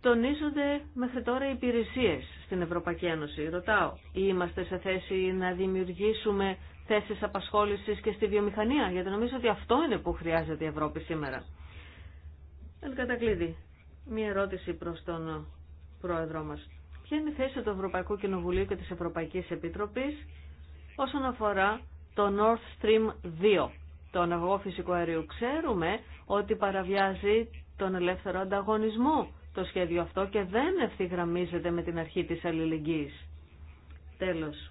Τονίζονται μέχρι τώρα οι υπηρεσίες στην Ευρωπαϊκή Ένωση. Ρωτάω, είμαστε σε θέση να δημιουργήσουμε θέσεις απασχόλησης και στη βιομηχανία, γιατί νομίζω ότι αυτό είναι που χρειάζεται η Ευρώπη σήμερα. Εν κατακλείδη, μία ερώτηση προς τον πρόεδρό μας. Ποια είναι η θέση του Ευρωπαϊκού Κοινοβουλίου και της Ευρωπαϊκή Επίτροπή όσον αφορά το Nord Stream 2, τον αγωγό φυσικού αερίου. Ξέρουμε ότι παραβιάζει τον ελεύθερο ανταγωνισμό το σχέδιο αυτό και δεν ευθυγραμμίζεται με την αρχή της αλληλεγγύης. Τέλος.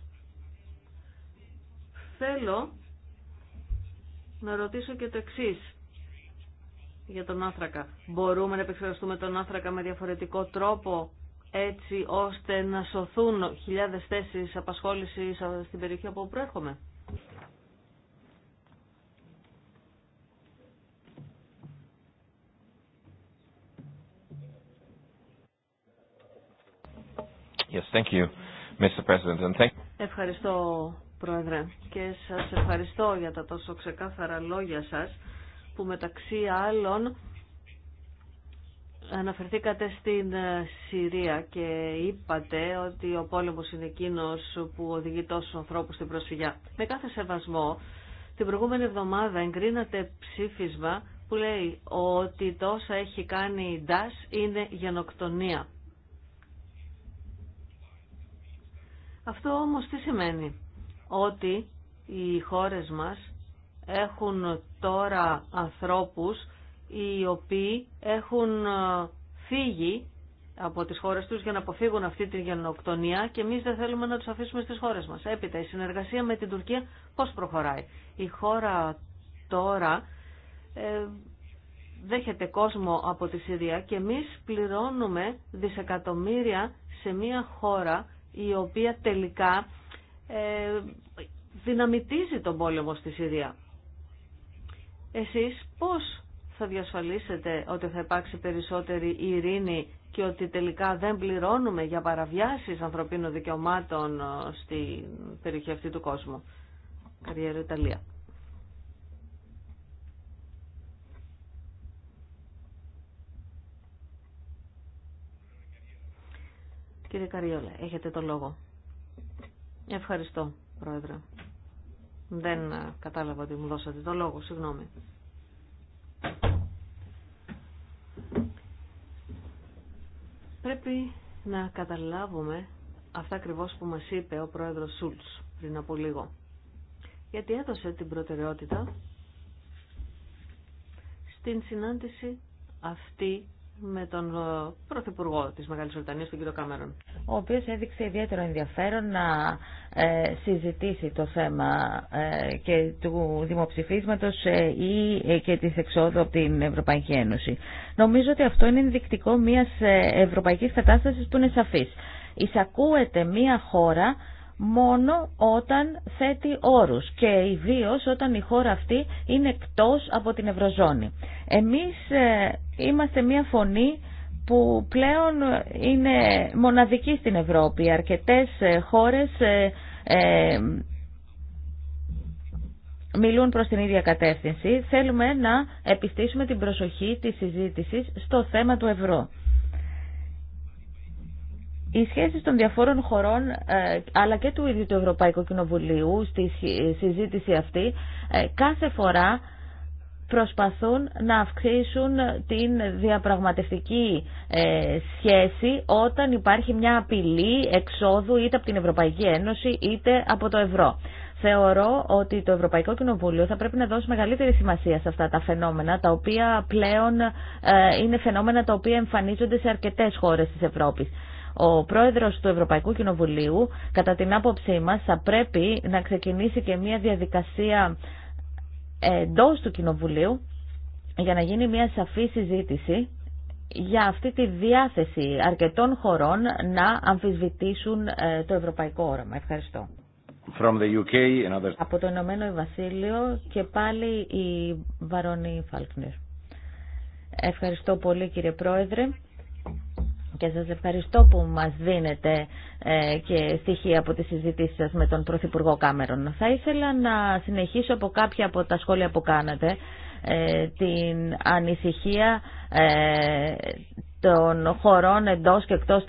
Θέλω να ρωτήσω και το εξής για τον άνθρακα. Μπορούμε να επεξεργαστούμε τον άνθρακα με διαφορετικό τρόπο έτσι ώστε να σωθούν χιλιάδες θέσεις απασχόλησης στην περιοχή από όπου προέρχομαι. Yes, thank you, Mr. President. And thank... Ευχαριστώ, Πρόεδρε, και σας ευχαριστώ για τα τόσο ξεκάθαρα λόγια σας που μεταξύ άλλων αναφερθήκατε στην ε, Συρία και είπατε ότι ο πόλεμος είναι εκείνος που οδηγεί τόσους ανθρώπους στην προσφυγιά. Με κάθε σεβασμό, την προηγούμενη εβδομάδα εγκρίνατε ψήφισμα που λέει ότι τόσα έχει κάνει η ΝΤΑΣ είναι γενοκτονία. Αυτό όμως τι σημαίνει, ότι οι χώρες μας έχουν τώρα ανθρώπους οι οποίοι έχουν ε, φύγει από τις χώρες τους για να αποφύγουν αυτή τη γενοκτονία και εμείς δεν θέλουμε να τους αφήσουμε στις χώρες μας. Έπειτα η συνεργασία με την Τουρκία πώς προχωράει. Η χώρα τώρα ε, δέχεται κόσμο από τη Συρία και εμείς πληρώνουμε δισεκατομμύρια σε μια χώρα η οποία τελικά ε, δυναμητίζει τον πόλεμο στη Συρία. Εσείς πώς θα διασφαλίσετε ότι θα υπάρξει περισσότερη ειρήνη και ότι τελικά δεν πληρώνουμε για παραβιάσεις ανθρωπίνων δικαιωμάτων ε, στην περιοχή αυτή του κόσμου. Καριέρα Ιταλία. Κύριε Καριόλα, έχετε το λόγο. Ευχαριστώ, Πρόεδρε. Δεν ε, κατάλαβα ότι μου δώσατε το λόγο, συγγνώμη. Πρέπει να καταλάβουμε αυτά ακριβώ που μας είπε ο πρόεδρος Σούλτς πριν από λίγο. Γιατί έδωσε την προτεραιότητα στην συνάντηση αυτή με τον ε, Πρωθυπουργό της Μεγάλης Βρετανίας, τον κύριο Κάμερον ο οποίος έδειξε ιδιαίτερο ενδιαφέρον να ε, συζητήσει το θέμα ε, και του δημοψηφίσματος ε, ή και της εξόδου από την Ευρωπαϊκή Ένωση. Νομίζω ότι αυτό είναι ενδεικτικό μιας ευρωπαϊκής κατάστασης που είναι σαφής. Εισακούεται μια χώρα μόνο όταν θέτει όρους και ιδίω όταν η χώρα αυτή είναι εκτός από την Ευρωζώνη. Εμείς είμαστε μια φωνή που πλέον είναι μοναδική στην Ευρώπη. Αρκετές ε, χώρες ε, ε, μιλούν προς την ίδια κατεύθυνση. Θέλουμε να επιστήσουμε την προσοχή της συζήτησης στο θέμα του ευρώ. Οι σχέσεις των διαφόρων χωρών ε, αλλά και του ίδιου του Ευρωπαϊκού Κοινοβουλίου στη συζήτηση αυτή κάθε φορά προσπαθούν να αυξήσουν την διαπραγματευτική ε, σχέση όταν υπάρχει μια απειλή εξόδου είτε από την Ευρωπαϊκή Ένωση είτε από το ευρώ. Θεωρώ ότι το Ευρωπαϊκό Κοινοβούλιο θα πρέπει να δώσει μεγαλύτερη σημασία σε αυτά τα φαινόμενα, τα οποία πλέον ε, είναι φαινόμενα τα οποία εμφανίζονται σε αρκετές χώρες της Ευρώπης. Ο πρόεδρος του Ευρωπαϊκού Κοινοβουλίου, κατά την άποψή μας, θα πρέπει να ξεκινήσει και μια διαδικασία Εντό του Κοινοβουλίου για να γίνει μια σαφή συζήτηση για αυτή τη διάθεση αρκετών χωρών να αμφισβητήσουν ε, το ευρωπαϊκό όραμα. Ευχαριστώ. Από το Ηνωμένο Βασίλειο και πάλι η Βαρονή Φάλκνερ. Ευχαριστώ πολύ κύριε Πρόεδρε και σας ευχαριστώ που μας δίνετε ε, και στοιχεία από τη συζήτηση σας με τον Πρωθυπουργό Κάμερον. Θα ήθελα να συνεχίσω από κάποια από τα σχόλια που κάνατε ε, την ανησυχία ε, των χωρών εντός και εκτός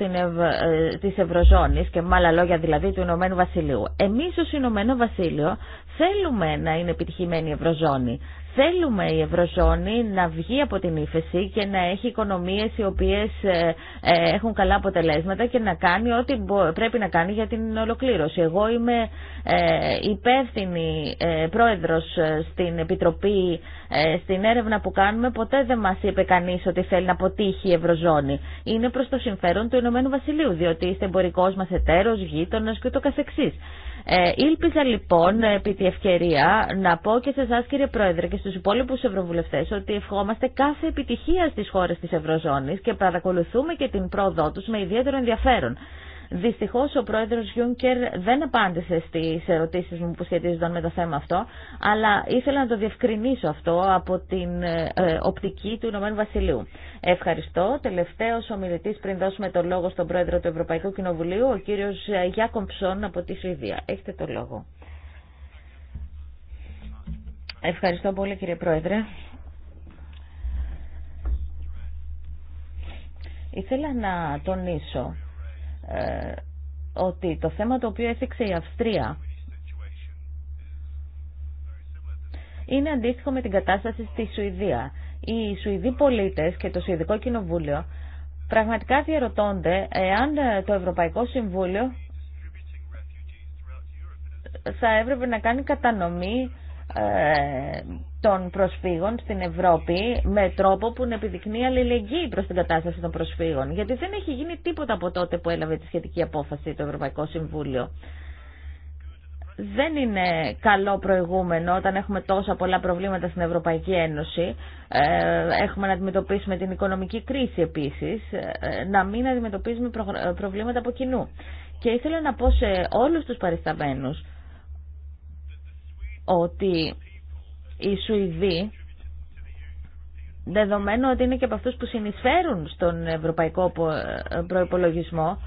της Ευρωζώνης και με άλλα λόγια δηλαδή του Ηνωμένου Βασιλείου. Εμείς ως Ηνωμένο Βασίλειο θέλουμε να είναι επιτυχημένη η Ευρωζώνη. Θέλουμε η Ευρωζώνη να βγει από την ύφεση και να έχει οικονομίες οι οποίες ε, ε, έχουν καλά αποτελέσματα και να κάνει ό,τι πρέπει να κάνει για την ολοκλήρωση. Εγώ είμαι ε, υπεύθυνη πρόεδρος στην Επιτροπή στην έρευνα που κάνουμε. Ποτέ δεν μας είπε κανείς ότι θέλει να αποτύχει η Ευρωζώνη. Είναι προς το συμφέρον του Ηνωμένου Βασιλείου, διότι είστε εμπορικός μας εταίρος, γείτονας και το καθεξής. Ε, ήλπιζα λοιπόν επί τη ευκαιρία να πω και σε εσά κύριε Πρόεδρε και στους υπόλοιπους ευρωβουλευτές ότι ευχόμαστε κάθε επιτυχία στις χώρες της Ευρωζώνης και παρακολουθούμε και την πρόοδό τους με ιδιαίτερο ενδιαφέρον. Δυστυχώς ο πρόεδρος Γιούνκερ δεν απάντησε στι ερωτήσει μου που σχετίζονταν με το θέμα αυτό, αλλά ήθελα να το διευκρινίσω αυτό από την ε, οπτική του Ηνωμένου Βασιλείου. Ευχαριστώ. Τελευταίος ο πριν δώσουμε το λόγο στον πρόεδρο του Ευρωπαϊκού Κοινοβουλίου, ο κύριος Γιάκομψον από τη Σουηδία. Έχετε το λόγο. Ευχαριστώ πολύ κύριε Πρόεδρε. Ήθελα να τονίσω ε, ότι το θέμα το οποίο έφυξε η Αυστρία είναι αντίστοιχο με την κατάσταση στη Σουηδία. Οι Σουηδοί πολίτες και το Σουηδικό Κοινοβούλιο πραγματικά διαρωτώνται εάν ε, το Ευρωπαϊκό Συμβούλιο θα έπρεπε να κάνει κατανομή ε, των προσφύγων στην Ευρώπη με τρόπο που να επιδεικνύει αλληλεγγύη προς την κατάσταση των προσφύγων. Γιατί δεν έχει γίνει τίποτα από τότε που έλαβε τη σχετική απόφαση το Ευρωπαϊκό Συμβούλιο. Δεν είναι καλό προηγούμενο όταν έχουμε τόσα πολλά προβλήματα στην Ευρωπαϊκή Ένωση. Ε, έχουμε να αντιμετωπίσουμε την οικονομική κρίση επίσης. Ε, να μην αντιμετωπίζουμε προβλήματα από κοινού. Και ήθελα να πω σε όλους τους παρισταμένους ότι οι Σουηδοί δεδομένου ότι είναι και από αυτούς που συνεισφέρουν στον ευρωπαϊκό προϋπολογισμό,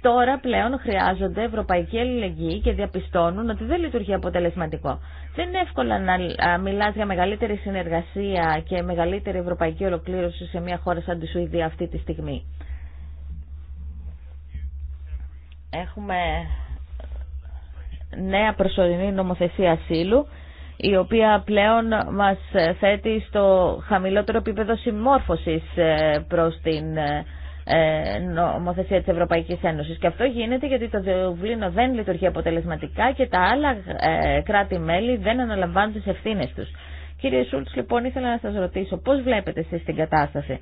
τώρα πλέον χρειάζονται ευρωπαϊκή αλληλεγγύη και διαπιστώνουν ότι δεν λειτουργεί αποτελεσματικό. Δεν είναι εύκολα να μιλάς για μεγαλύτερη συνεργασία και μεγαλύτερη ευρωπαϊκή ολοκλήρωση σε μια χώρα σαν τη Σουηδία αυτή τη στιγμή. Έχουμε νέα προσωρινή νομοθεσία ασύλου, η οποία πλέον μας θέτει στο χαμηλότερο επίπεδο συμμόρφωσης ε, προς την ε, ε, νομοθεσία της Ευρωπαϊκής Ένωσης. Και αυτό γίνεται γιατί το Δουβλίνο δεν λειτουργεί αποτελεσματικά και τα άλλα κράτη-μέλη δεν αναλαμβάνουν τις ευθύνες τους. Κύριε Σούλτς, λοιπόν, ήθελα να σας ρωτήσω πώς βλέπετε εσείς την κατάσταση.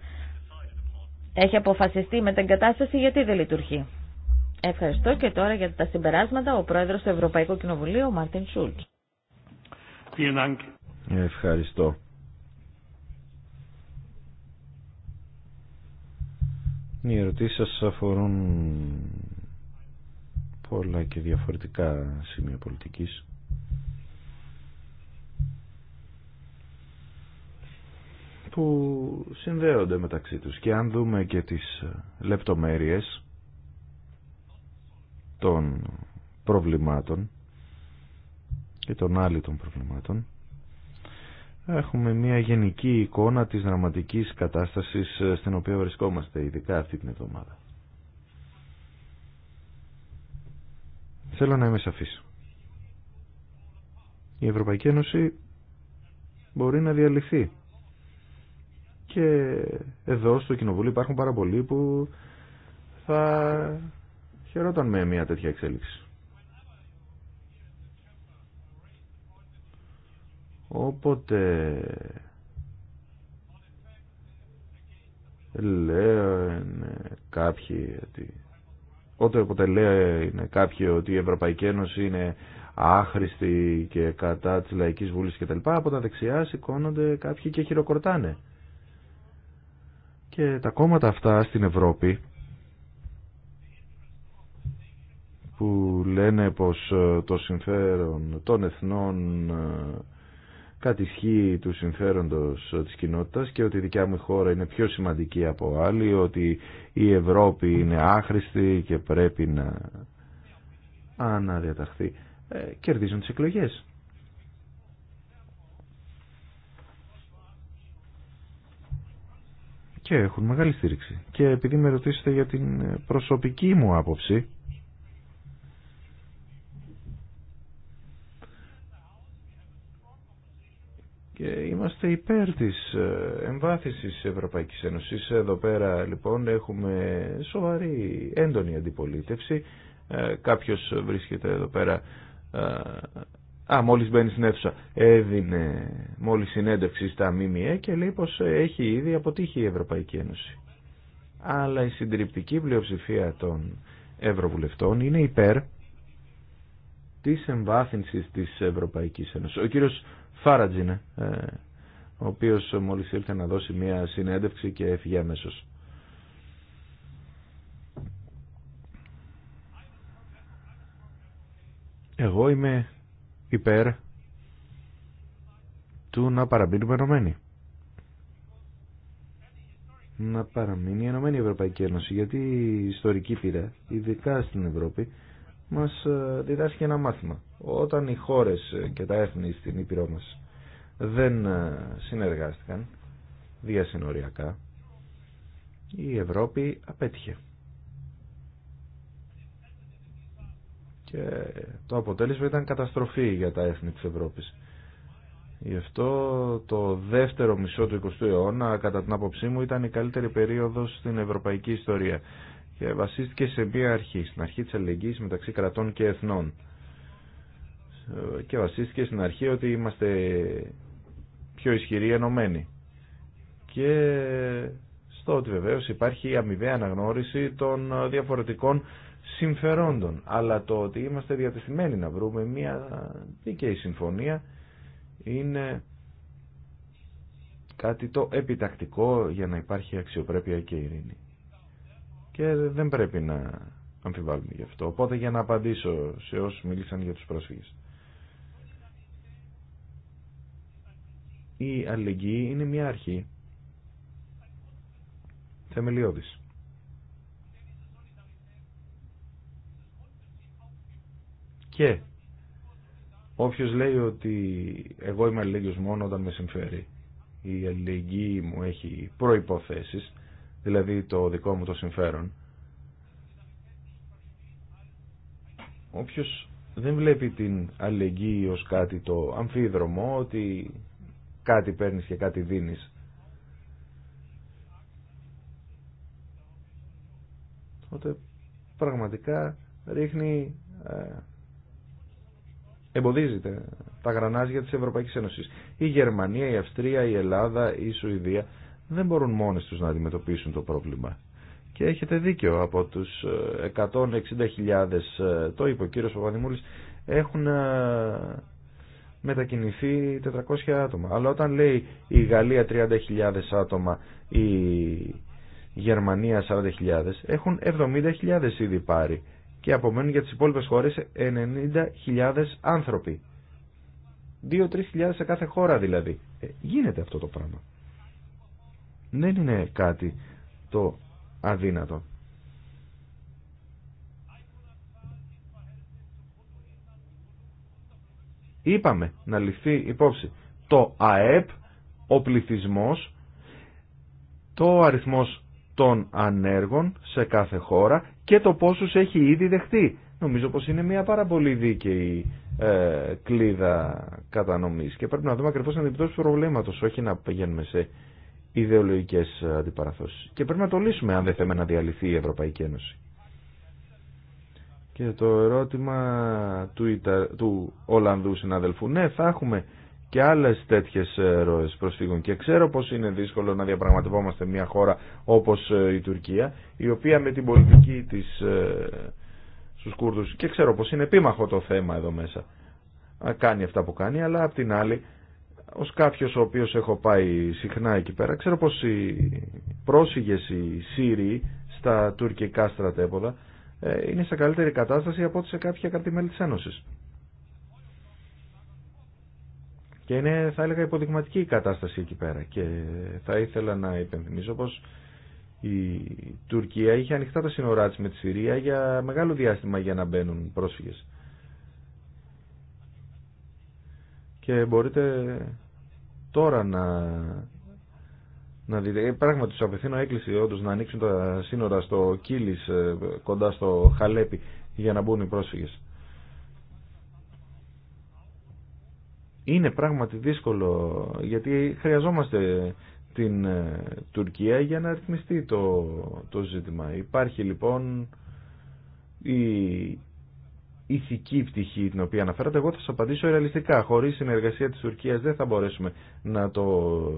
Έχει αποφασιστεί με την κατάσταση γιατί δεν λειτουργεί. Ευχαριστώ και τώρα για τα συμπεράσματα ο Πρόεδρος του Ευρωπαϊκού Κοινοβουλίου, ο Μάρτιν Σούλτ. Ευχαριστώ. Οι ερωτήσει σα αφορούν πολλά και διαφορετικά σημεία πολιτικής. που συνδέονται μεταξύ τους και αν δούμε και τις λεπτομέρειες των προβλημάτων και των άλλων των προβλημάτων έχουμε μια γενική εικόνα της δραματικής κατάστασης ε, στην οποία βρισκόμαστε ειδικά αυτή την εβδομάδα. Θέλω να είμαι σαφής. Η Ευρωπαϊκή Ένωση μπορεί να διαλυθεί. Και εδώ στο Κοινοβούλιο υπάρχουν πάρα πολλοί που θα Χαιρόταν με μια τέτοια εξέλιξη. Όποτε είναι κάποιοι ότι όποτε είναι κάποιοι ότι η Ευρωπαϊκή Ένωση είναι άχρηστη και κατά της λαϊκής βούλης κτλ. Από τα δεξιά σηκώνονται κάποιοι και χειροκορτάνε Και τα κόμματα αυτά στην Ευρώπη που λένε πως ε, το συμφέρον των εθνών ε, κατησχεί του συμφέροντος ε, της κοινότητας και ότι η δικιά μου χώρα είναι πιο σημαντική από άλλη, ότι η Ευρώπη είναι άχρηστη και πρέπει να αναδιαταχθεί. κερδίζουν τις εκλογές. Και έχουν μεγάλη στήριξη. Και επειδή με ρωτήσετε για την προσωπική μου άποψη, και είμαστε υπέρ της ε, εμβάθυνσης της Ευρωπαϊκής Ένωσης. Εδώ πέρα λοιπόν έχουμε σοβαρή έντονη αντιπολίτευση. Ε, κάποιος βρίσκεται εδώ πέρα ε, Α, μόλις μπαίνει στην αίθουσα έδινε μόλις συνέντευξη στα ΜΜΕ και λέει πως έχει ήδη αποτύχει η Ευρωπαϊκή Ένωση. Αλλά η συντριπτική πλειοψηφία των Ευρωβουλευτών είναι υπέρ της εμβάθυνσης της Ευρωπαϊκής Ένωσης. Ο κύριος είναι ε, ο οποίος μόλις ήρθε να δώσει μια συνέντευξη και έφυγε αμέσω. Εγώ είμαι υπέρ του να παραμείνουμε ενωμένοι. Να παραμείνει ενωμένη η Ευρωπαϊκή Ένωση, γιατί η ιστορική πείρα, ειδικά στην Ευρώπη, μας ε, διδάσκει ένα μάθημα. Όταν οι χώρες ε, και τα έθνη στην Ήπειρό μας δεν ε, συνεργάστηκαν διασυνοριακά, η Ευρώπη απέτυχε. Και το αποτέλεσμα ήταν καταστροφή για τα έθνη της Ευρώπης. Γι' αυτό το δεύτερο μισό του 20ου αιώνα, κατά την άποψή μου, ήταν η καλύτερη περίοδος στην ευρωπαϊκή ιστορία και βασίστηκε σε μία αρχή, στην αρχή της αλληλεγγύης μεταξύ κρατών και εθνών. Και βασίστηκε στην αρχή ότι είμαστε πιο ισχυροί ενωμένοι. Και στο ότι βεβαίως υπάρχει η αμοιβαία αναγνώριση των διαφορετικών συμφερόντων. Αλλά το ότι είμαστε διατεθειμένοι να βρούμε μία δίκαιη συμφωνία είναι κάτι το επιτακτικό για να υπάρχει αξιοπρέπεια και ειρήνη και δεν πρέπει να αμφιβάλλουμε γι' αυτό. Οπότε για να απαντήσω σε όσους μίλησαν για τους πρόσφυγες. Η αλληλεγγύη είναι μια αρχή θεμελιώδης. Και όποιος λέει ότι εγώ είμαι αλληλεγγύος μόνο όταν με συμφέρει η αλληλεγγύη μου έχει προϋποθέσεις δηλαδή το δικό μου το συμφέρον, όποιος δεν βλέπει την αλληλεγγύη ως κάτι το αμφίδρομο, ότι κάτι παίρνεις και κάτι δίνεις. τότε πραγματικά ρίχνει, ε, εμποδίζεται τα γρανάζια της Ευρωπαϊκής Ένωσης. Η Γερμανία, η Αυστρία, η Ελλάδα, η Σουηδία δεν μπορούν μόνες τους να αντιμετωπίσουν το πρόβλημα. Και έχετε δίκιο από τους 160.000, ε, ε, το είπε ο κύριος Παπαδημούλης, έχουν ε, μετακινηθεί 400 άτομα. Αλλά όταν λέει η Γαλλία 30.000 άτομα, η Γερμανία 40.000, έχουν 70.000 ήδη πάρει και απομένουν για τις υπόλοιπες χώρες 90.000 άνθρωποι. 2-3.000 σε κάθε χώρα δηλαδή. γίνεται αυτό το πράγμα δεν είναι κάτι το αδύνατο. Είπαμε να ληφθεί υπόψη το ΑΕΠ, ο πληθυσμός, το αριθμός των ανέργων σε κάθε χώρα και το πόσους έχει ήδη δεχτεί. Νομίζω πως είναι μια πάρα πολύ δίκαιη ε, κλίδα κατανομής και πρέπει να δούμε ακριβώς την επιπτώση του προβλήματος, όχι να πηγαίνουμε σε ιδεολογικέ αντιπαραθώσει Και πρέπει να το λύσουμε αν δεν θέλουμε να διαλυθεί η Ευρωπαϊκή Ένωση. Και το ερώτημα του, Ιτα... του Ολλανδού συναδελφού. Ναι, θα έχουμε και άλλε τέτοιε ε, ροέ προσφύγων. Και ξέρω πώ είναι δύσκολο να διαπραγματευόμαστε μια χώρα όπω ε, η Τουρκία, η οποία με την πολιτική τη ε, στους Κούρδους, και ξέρω πως είναι επίμαχο το θέμα εδώ μέσα, κάνει αυτά που κάνει, αλλά απ' την άλλη ως κάποιος ο οποίος έχω πάει συχνά εκεί πέρα, ξέρω πως οι πρόσφυγες οι Σύριοι στα τουρκικά στρατέποδα ε, είναι σε καλύτερη κατάσταση από ό,τι σε κάποια κρατημέλη της Ένωσης. Και είναι, θα έλεγα, υποδειγματική η κατάσταση εκεί πέρα. Και θα ήθελα να υπενθυμίσω πως η Τουρκία είχε ανοιχτά τα σύνορά της με τη Συρία για μεγάλο διάστημα για να μπαίνουν πρόσφυγες. Και μπορείτε τώρα να, να δείτε. Ε, πράγματι, τους απευθύνω έκκληση όντω να ανοίξουν τα σύνορα στο Κίλης, ε, κοντά στο Χαλέπι, για να μπουν οι πρόσφυγες. Είναι πράγματι δύσκολο, γιατί χρειαζόμαστε την ε, Τουρκία για να ρυθμιστεί το, το ζήτημα. Υπάρχει λοιπόν η ηθική πτυχή την οποία αναφέρατε, εγώ θα σα απαντήσω ρεαλιστικά. Χωρίς συνεργασία της Τουρκία δεν θα μπορέσουμε να το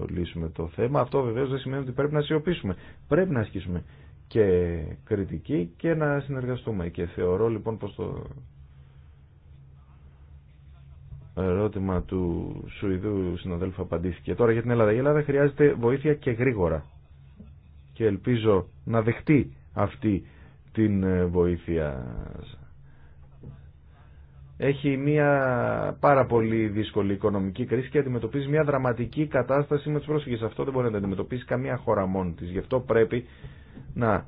λύσουμε το θέμα. Αυτό βεβαίω δεν σημαίνει ότι πρέπει να σιωπήσουμε. Πρέπει να ασκήσουμε και κριτική και να συνεργαστούμε. Και θεωρώ λοιπόν πως το ερώτημα του Σουηδού συναδέλφου απαντήθηκε. Τώρα για την Ελλάδα. Η Ελλάδα χρειάζεται βοήθεια και γρήγορα. Και ελπίζω να δεχτεί αυτή την ε, βοήθεια έχει μια πάρα πολύ δύσκολη οικονομική κρίση και αντιμετωπίζει μια δραματική κατάσταση με τους πρόσφυγες. Αυτό δεν μπορεί να το αντιμετωπίσει καμία χώρα μόνη της. Γι' αυτό πρέπει να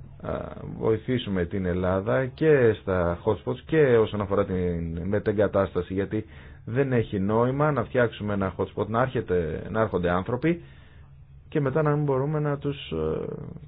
βοηθήσουμε την Ελλάδα και στα hotspots και όσον αφορά την μετεγκατάσταση γιατί δεν έχει νόημα να φτιάξουμε ένα hotspot να, να έρχονται άνθρωποι και μετά να μην μπορούμε να τους ε,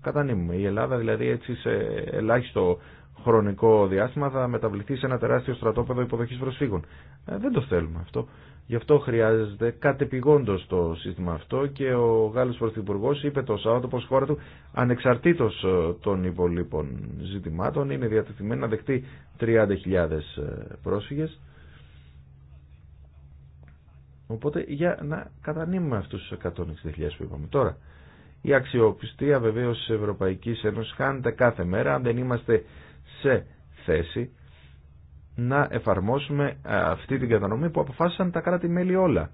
κατανείμουμε. Η Ελλάδα δηλαδή έτσι σε ελάχιστο χρονικό διάστημα θα μεταβληθεί σε ένα τεράστιο στρατόπεδο υποδοχής προσφύγων. Ε, δεν το θέλουμε αυτό. Γι' αυτό χρειάζεται κατεπηγόντως το σύστημα αυτό και ο Γάλλος Πρωθυπουργό είπε το Σάββατο πως η χώρα του ανεξαρτήτως ε, των υπολείπων ζητημάτων είναι διατεθειμένη να δεχτεί 30.000 πρόσφυγες Οπότε για να κατανείμουμε αυτούς τους 160.000 που είπαμε τώρα. Η αξιοπιστία βεβαίω τη Ευρωπαϊκή Ένωση χάνεται κάθε μέρα αν δεν είμαστε σε θέση να εφαρμόσουμε ε, αυτή την κατανομή που αποφάσισαν τα κράτη-μέλη όλα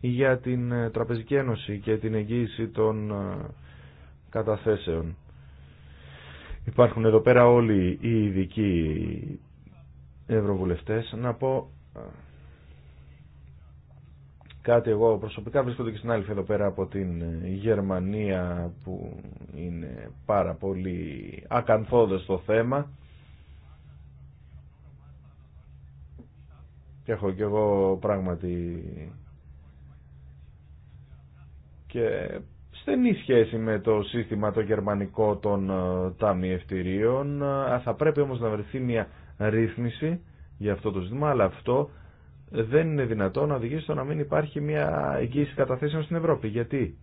για την ε, Τραπεζική Ένωση και την εγγύηση των ε, καταθέσεων. Υπάρχουν εδώ πέρα όλοι οι ειδικοί ευρωβουλευτές. Να πω κάτι εγώ προσωπικά βρίσκονται και στην άλλη εδώ πέρα από την Γερμανία που είναι πάρα πολύ ακαθόδες στο θέμα και έχω και εγώ πράγματι και στενή σχέση με το σύστημα το γερμανικό των ε, ταμιευτηρίων ε, θα πρέπει όμως να βρεθεί μια ρύθμιση για αυτό το ζήτημα αλλά αυτό δεν είναι δυνατόν να οδηγήσει στο να μην υπάρχει μια εγγύηση καταθέσεων στην Ευρώπη. Γιατί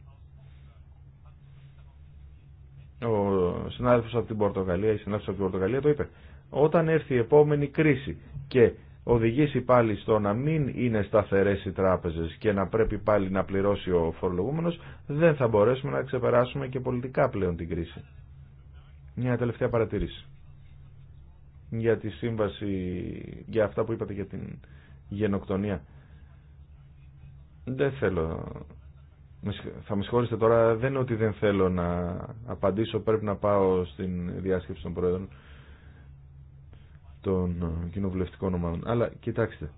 ο συνάδελφος από την Πορτογαλία, η συνάδελφος από την Πορτογαλία το είπε. Όταν έρθει η επόμενη κρίση και οδηγήσει πάλι στο να μην είναι σταθερές οι τράπεζες και να πρέπει πάλι να πληρώσει ο φορολογούμενος, δεν θα μπορέσουμε να ξεπεράσουμε και πολιτικά πλέον την κρίση. Μια τελευταία παρατήρηση για τη σύμβαση, για αυτά που είπατε για την γενοκτονία. Δεν θέλω... Θα με συγχωρήσετε τώρα, δεν είναι ότι δεν θέλω να απαντήσω, πρέπει να πάω στην διάσκεψη των πρόεδρων των ε, κοινοβουλευτικών ομάδων. Αλλά κοιτάξτε,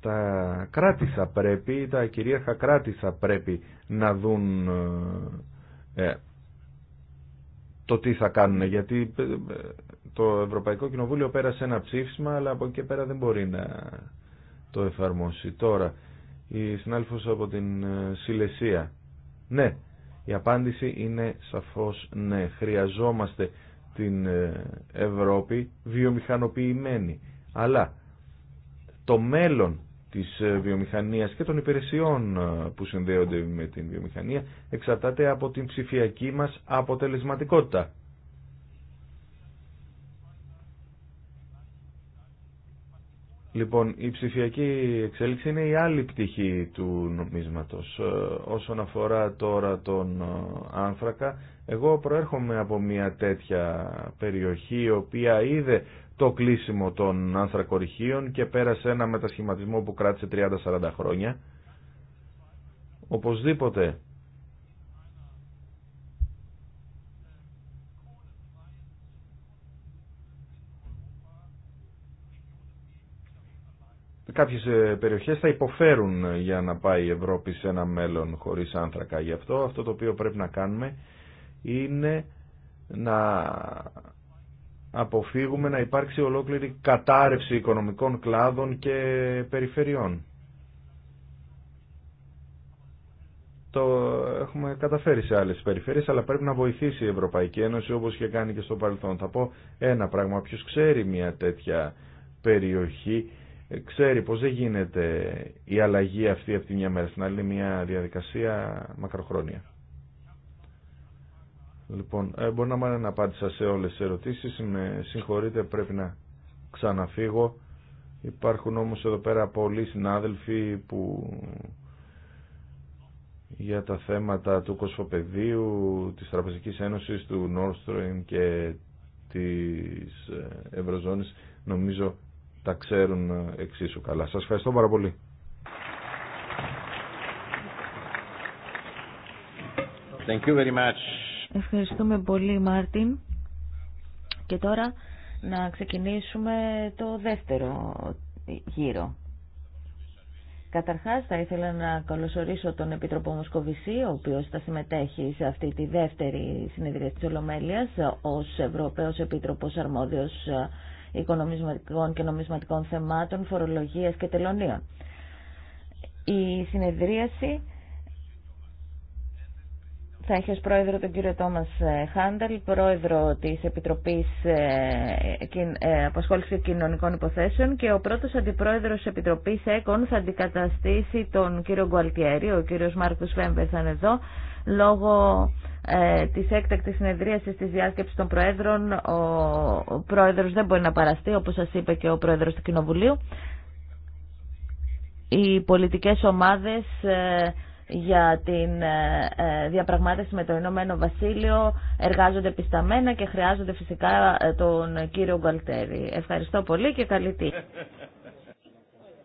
τα κράτη θα πρέπει, τα κυρίαρχα κράτη θα πρέπει να δουν ε, ε, το τι θα κάνουν, γιατί ε, ε, το Ευρωπαϊκό Κοινοβούλιο πέρασε ένα ψήφισμα, αλλά από εκεί και πέρα δεν μπορεί να το εφαρμόσει. Τώρα, η συνάλφος από την ε, Σιλεσία. Ναι, η απάντηση είναι σαφώς ναι. Χρειαζόμαστε την Ευρώπη βιομηχανοποιημένη. Αλλά το μέλλον της ε, βιομηχανίας και των υπηρεσιών ε, που συνδέονται με την βιομηχανία εξαρτάται από την ψηφιακή μας αποτελεσματικότητα. Λοιπόν, η ψηφιακή εξέλιξη είναι η άλλη πτυχή του νομίσματος. Ε, όσον αφορά τώρα τον άνθρακα, εγώ προέρχομαι από μια τέτοια περιοχή η οποία είδε το κλείσιμο των ανθρακοριχείων και πέρασε ένα μετασχηματισμό που κράτησε 30-40 χρόνια. Οπωσδήποτε κάποιες ε, περιοχές θα υποφέρουν για να πάει η Ευρώπη σε ένα μέλλον χωρίς άνθρακα. Γι' αυτό αυτό το οποίο πρέπει να κάνουμε είναι να αποφύγουμε να υπάρξει ολόκληρη κατάρρευση οικονομικών κλάδων και περιφερειών. Το έχουμε καταφέρει σε άλλες περιφέρειες, αλλά πρέπει να βοηθήσει η Ευρωπαϊκή Ένωση όπως και κάνει και στο παρελθόν. Θα πω ένα πράγμα, ποιος ξέρει μια τέτοια περιοχή, ξέρει πως δεν γίνεται η αλλαγή αυτή από τη μια μέρα στην άλλη, μια διαδικασία μακροχρόνια. Λοιπόν, ε, μπορεί να μην απάντησα σε όλες τις ερωτήσεις. Με συγχωρείτε, πρέπει να ξαναφύγω. Υπάρχουν όμως εδώ πέρα πολλοί συνάδελφοι που για τα θέματα του κοσφοπεδίου, της Τραπεζικής Ένωσης, του Νόρστροιν Stream και της ε, Ευρωζώνης νομίζω τα ξέρουν ε, εξίσου καλά. Σας ευχαριστώ πάρα πολύ. Thank you very much. Ευχαριστούμε πολύ Μάρτιν. Και τώρα να ξεκινήσουμε το δεύτερο γύρο. Καταρχάς θα ήθελα να καλωσορίσω τον Επίτροπο Μοσκοβισή, ο οποίος θα συμμετέχει σε αυτή τη δεύτερη συνεδρία της Ολομέλειας ως Ευρωπαίος Επίτροπος Αρμόδιος Οικονομισματικών και Νομισματικών Θεμάτων, Φορολογίας και Τελωνίων. Η συνεδρίαση θα έχει ως πρόεδρο τον κύριο Τόμας ε, Χάνταλ, πρόεδρο της Επιτροπής ε, ε, Απασχόλησης Κοινωνικών Υποθέσεων και ο πρώτος αντιπρόεδρος της Επιτροπής ΕΚΟΝ θα αντικαταστήσει τον κύριο Γκουαλτιέρη, ο κύριος Μάρκος Βέμπερ θα είναι εδώ, λόγω ε, της έκτακτης συνεδρίασης της διάσκεψης των Προέδρων. Ο πρόεδρος δεν μπορεί να παραστεί, όπως σας είπε και ο πρόεδρος του Κοινοβουλίου. Οι πολιτικές ομάδες για την ε, ε, διαπραγμάτευση με το Ηνωμένο Βασίλειο εργάζονται πισταμένα και χρειάζονται φυσικά ε, τον κύριο Γκαλτέρη. Ευχαριστώ πολύ και καλή τύχη.